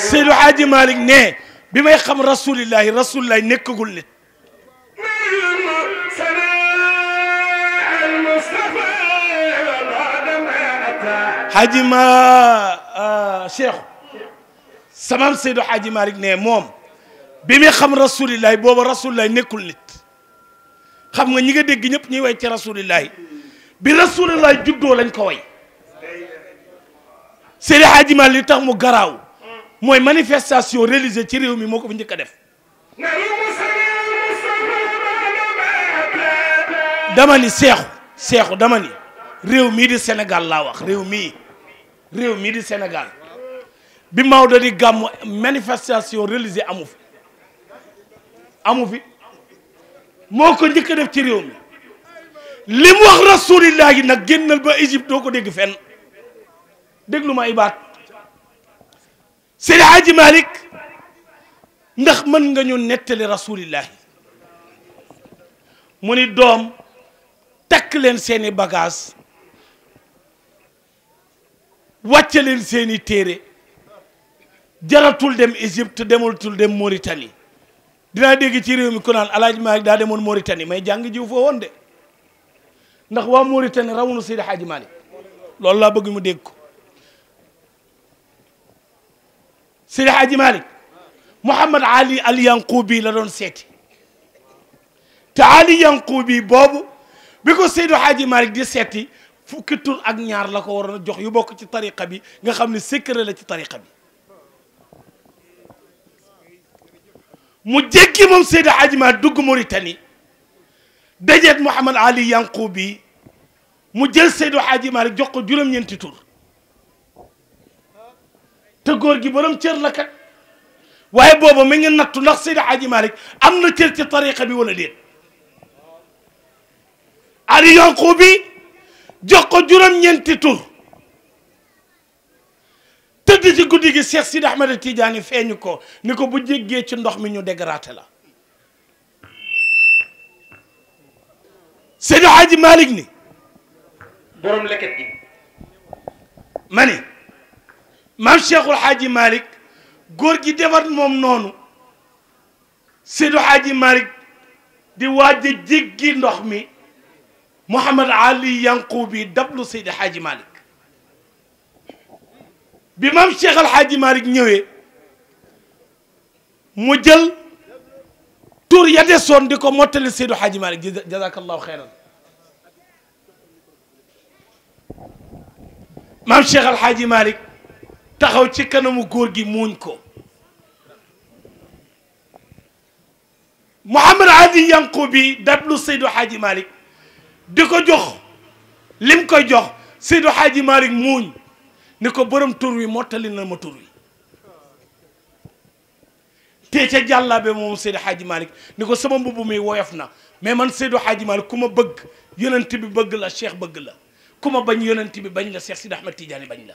Seydi Hadji Malick ne bi may xam rasulillahi rasulillahi nekkagul nit Hadji ma euh, Cheikh samam Seydi Hadji Malick ne moom bimi xam rasulillah bobu rasulillah nekul nit xam nga ñi nga dégg ñep ñi way ci rasulillah bi rasulillah juddo lañ ko way seri Hadji mal li tax mu garaw moy manifestation religieuse ci rew mi moko ko fi njëkk def dama ni seexu seexu dama ni rew mi di Sénégal la wax rew mi rew mi di Sénégal bi Maodo di gam manifestation religieuse amu fi amu fi moo a def ci réew mi li mu wax rasulillah yi génnal ba Égypte doo ko dégg fenn déglu ma ay baat ndax mën nga ñu nettali rasulillah mu ni doom takk leen bagage wàcce leen seeni jaratul dem Égypte demul tul dem Mauritanie dina deg ci réew mi ku naan alaaji Malick daa demoon Mauritanie may jàng jiw fo woon de ndax wa Mauritanie rawnu sayyid Hadji malik lolou la beug mu deg ko sayyid Hadji malik Mouhamad Ali al Yanqubi la doon seeti te Ali Yanqubi boobu bi ko Seydi Hadji Malick di seeti fukki tur ak ñaar la ko waroon a jox yu bokk ci tariqa bi nga xamni secret la ci tariqa bi mu jéggi moom Seydi Hadji Malick dugg Mauritanie dajeet Mouhamad Ali Yanqou bi mu jël Seydi Hadji Malick jox ko juróom-ñeenti tur te góor gi borom cër la kat waaye booba mi ngi nattu ndax Seydi Hadji Malick am na cër ci tariqa bi wala déet Ali Yanqou bi jox ko juróom-ñeenti tur tëdd ci guddi gi Cheikh Sidi Ahmed Tidiane feeñu ko ni ko bu jéggee ci ndox mi ñu dégraté la Seydi Hadji Malick ni borom leket gi ma ni maam Cheikhul Hadji Malick góor gi defat moom noonu Seydi Hadji Malick di waaj a jéggi ndox mi Mouhamad Ali Yanqu bi dablu Seydi Hadji Malick بمام شيخ الحاج مالك نيوي مو جيل تور يديسون ديكو موتالي سيدو حاج مالك جزاك الله خيرا مام شيخ الحاج مالك تاخاو سي كانمو غور جي مونكو محمد علي ينقوبي دبلو سيدو حاج مالك ديكو جوخ لم كوي جوخ سيدو حاج مالك مونكو ni ko borom tur wi mottali na ma tur wi te ca jàllaabe moom Seydou Hadji Malick ni ko sama mbubb mi woyof na mais man Seydou Hadji Malick ku ma bëgg yonent bi bëgg la Cheikh bëgg la ku ma bañ yonent bi bañ la Cheikh Sidi Ahmed Tidiane bañ la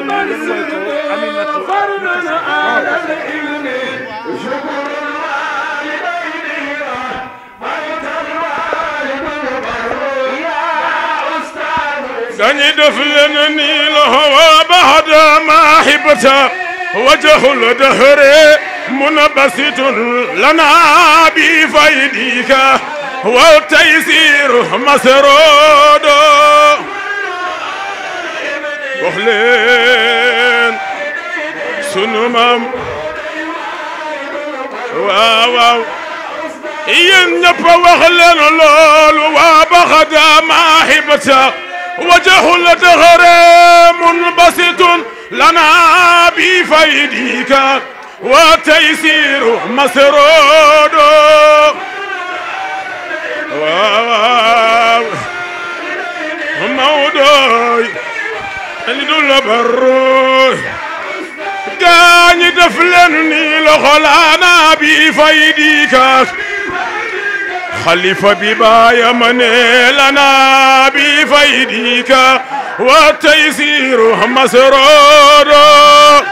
منزلنا فرنا على الإبن بعد ما حبت وجه الدهر منبسط لنا بفيدك والتيسير مسرور وحلين سنمم واو واو ينبى وحلين اللول وابخد ما حبتا وجه الدهر منبسط لنا بفيديك وتيسير مسرود واو واو مودي عندو لبروي داني دفلني لخلانا بي خليفة ببايا منيلنا بي فايديك وتيسيره مسرورو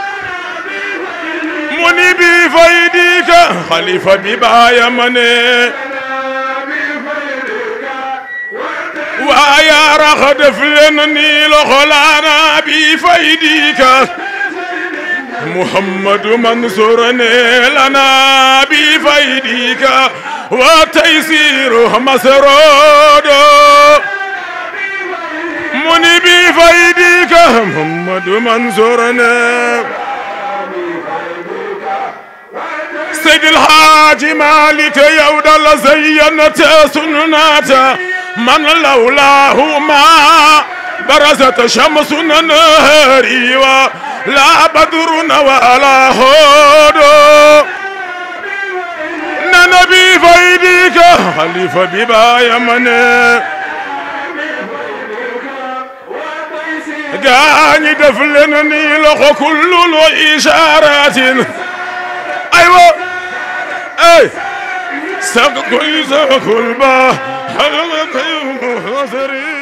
مني بي فايديك خليفة ببايا منيلنا waayaa rax def leen nii loxo laana bi fay diika muhammadu mansuur ne lana bi fay diika wa taysiiru masroodo muni bi fay diika muhammadu mansuur ne سيد الحاج مالك يودل زينت سنناتا من لولاه ما برزت شمس نهري ولا بدر ولا هود نبي فيديك خليفة ببا يمني gaañi def leen nii loxo kullu lu ishaaratin aywa ay saq kuy saqul baa Eu não tenho fazer isso.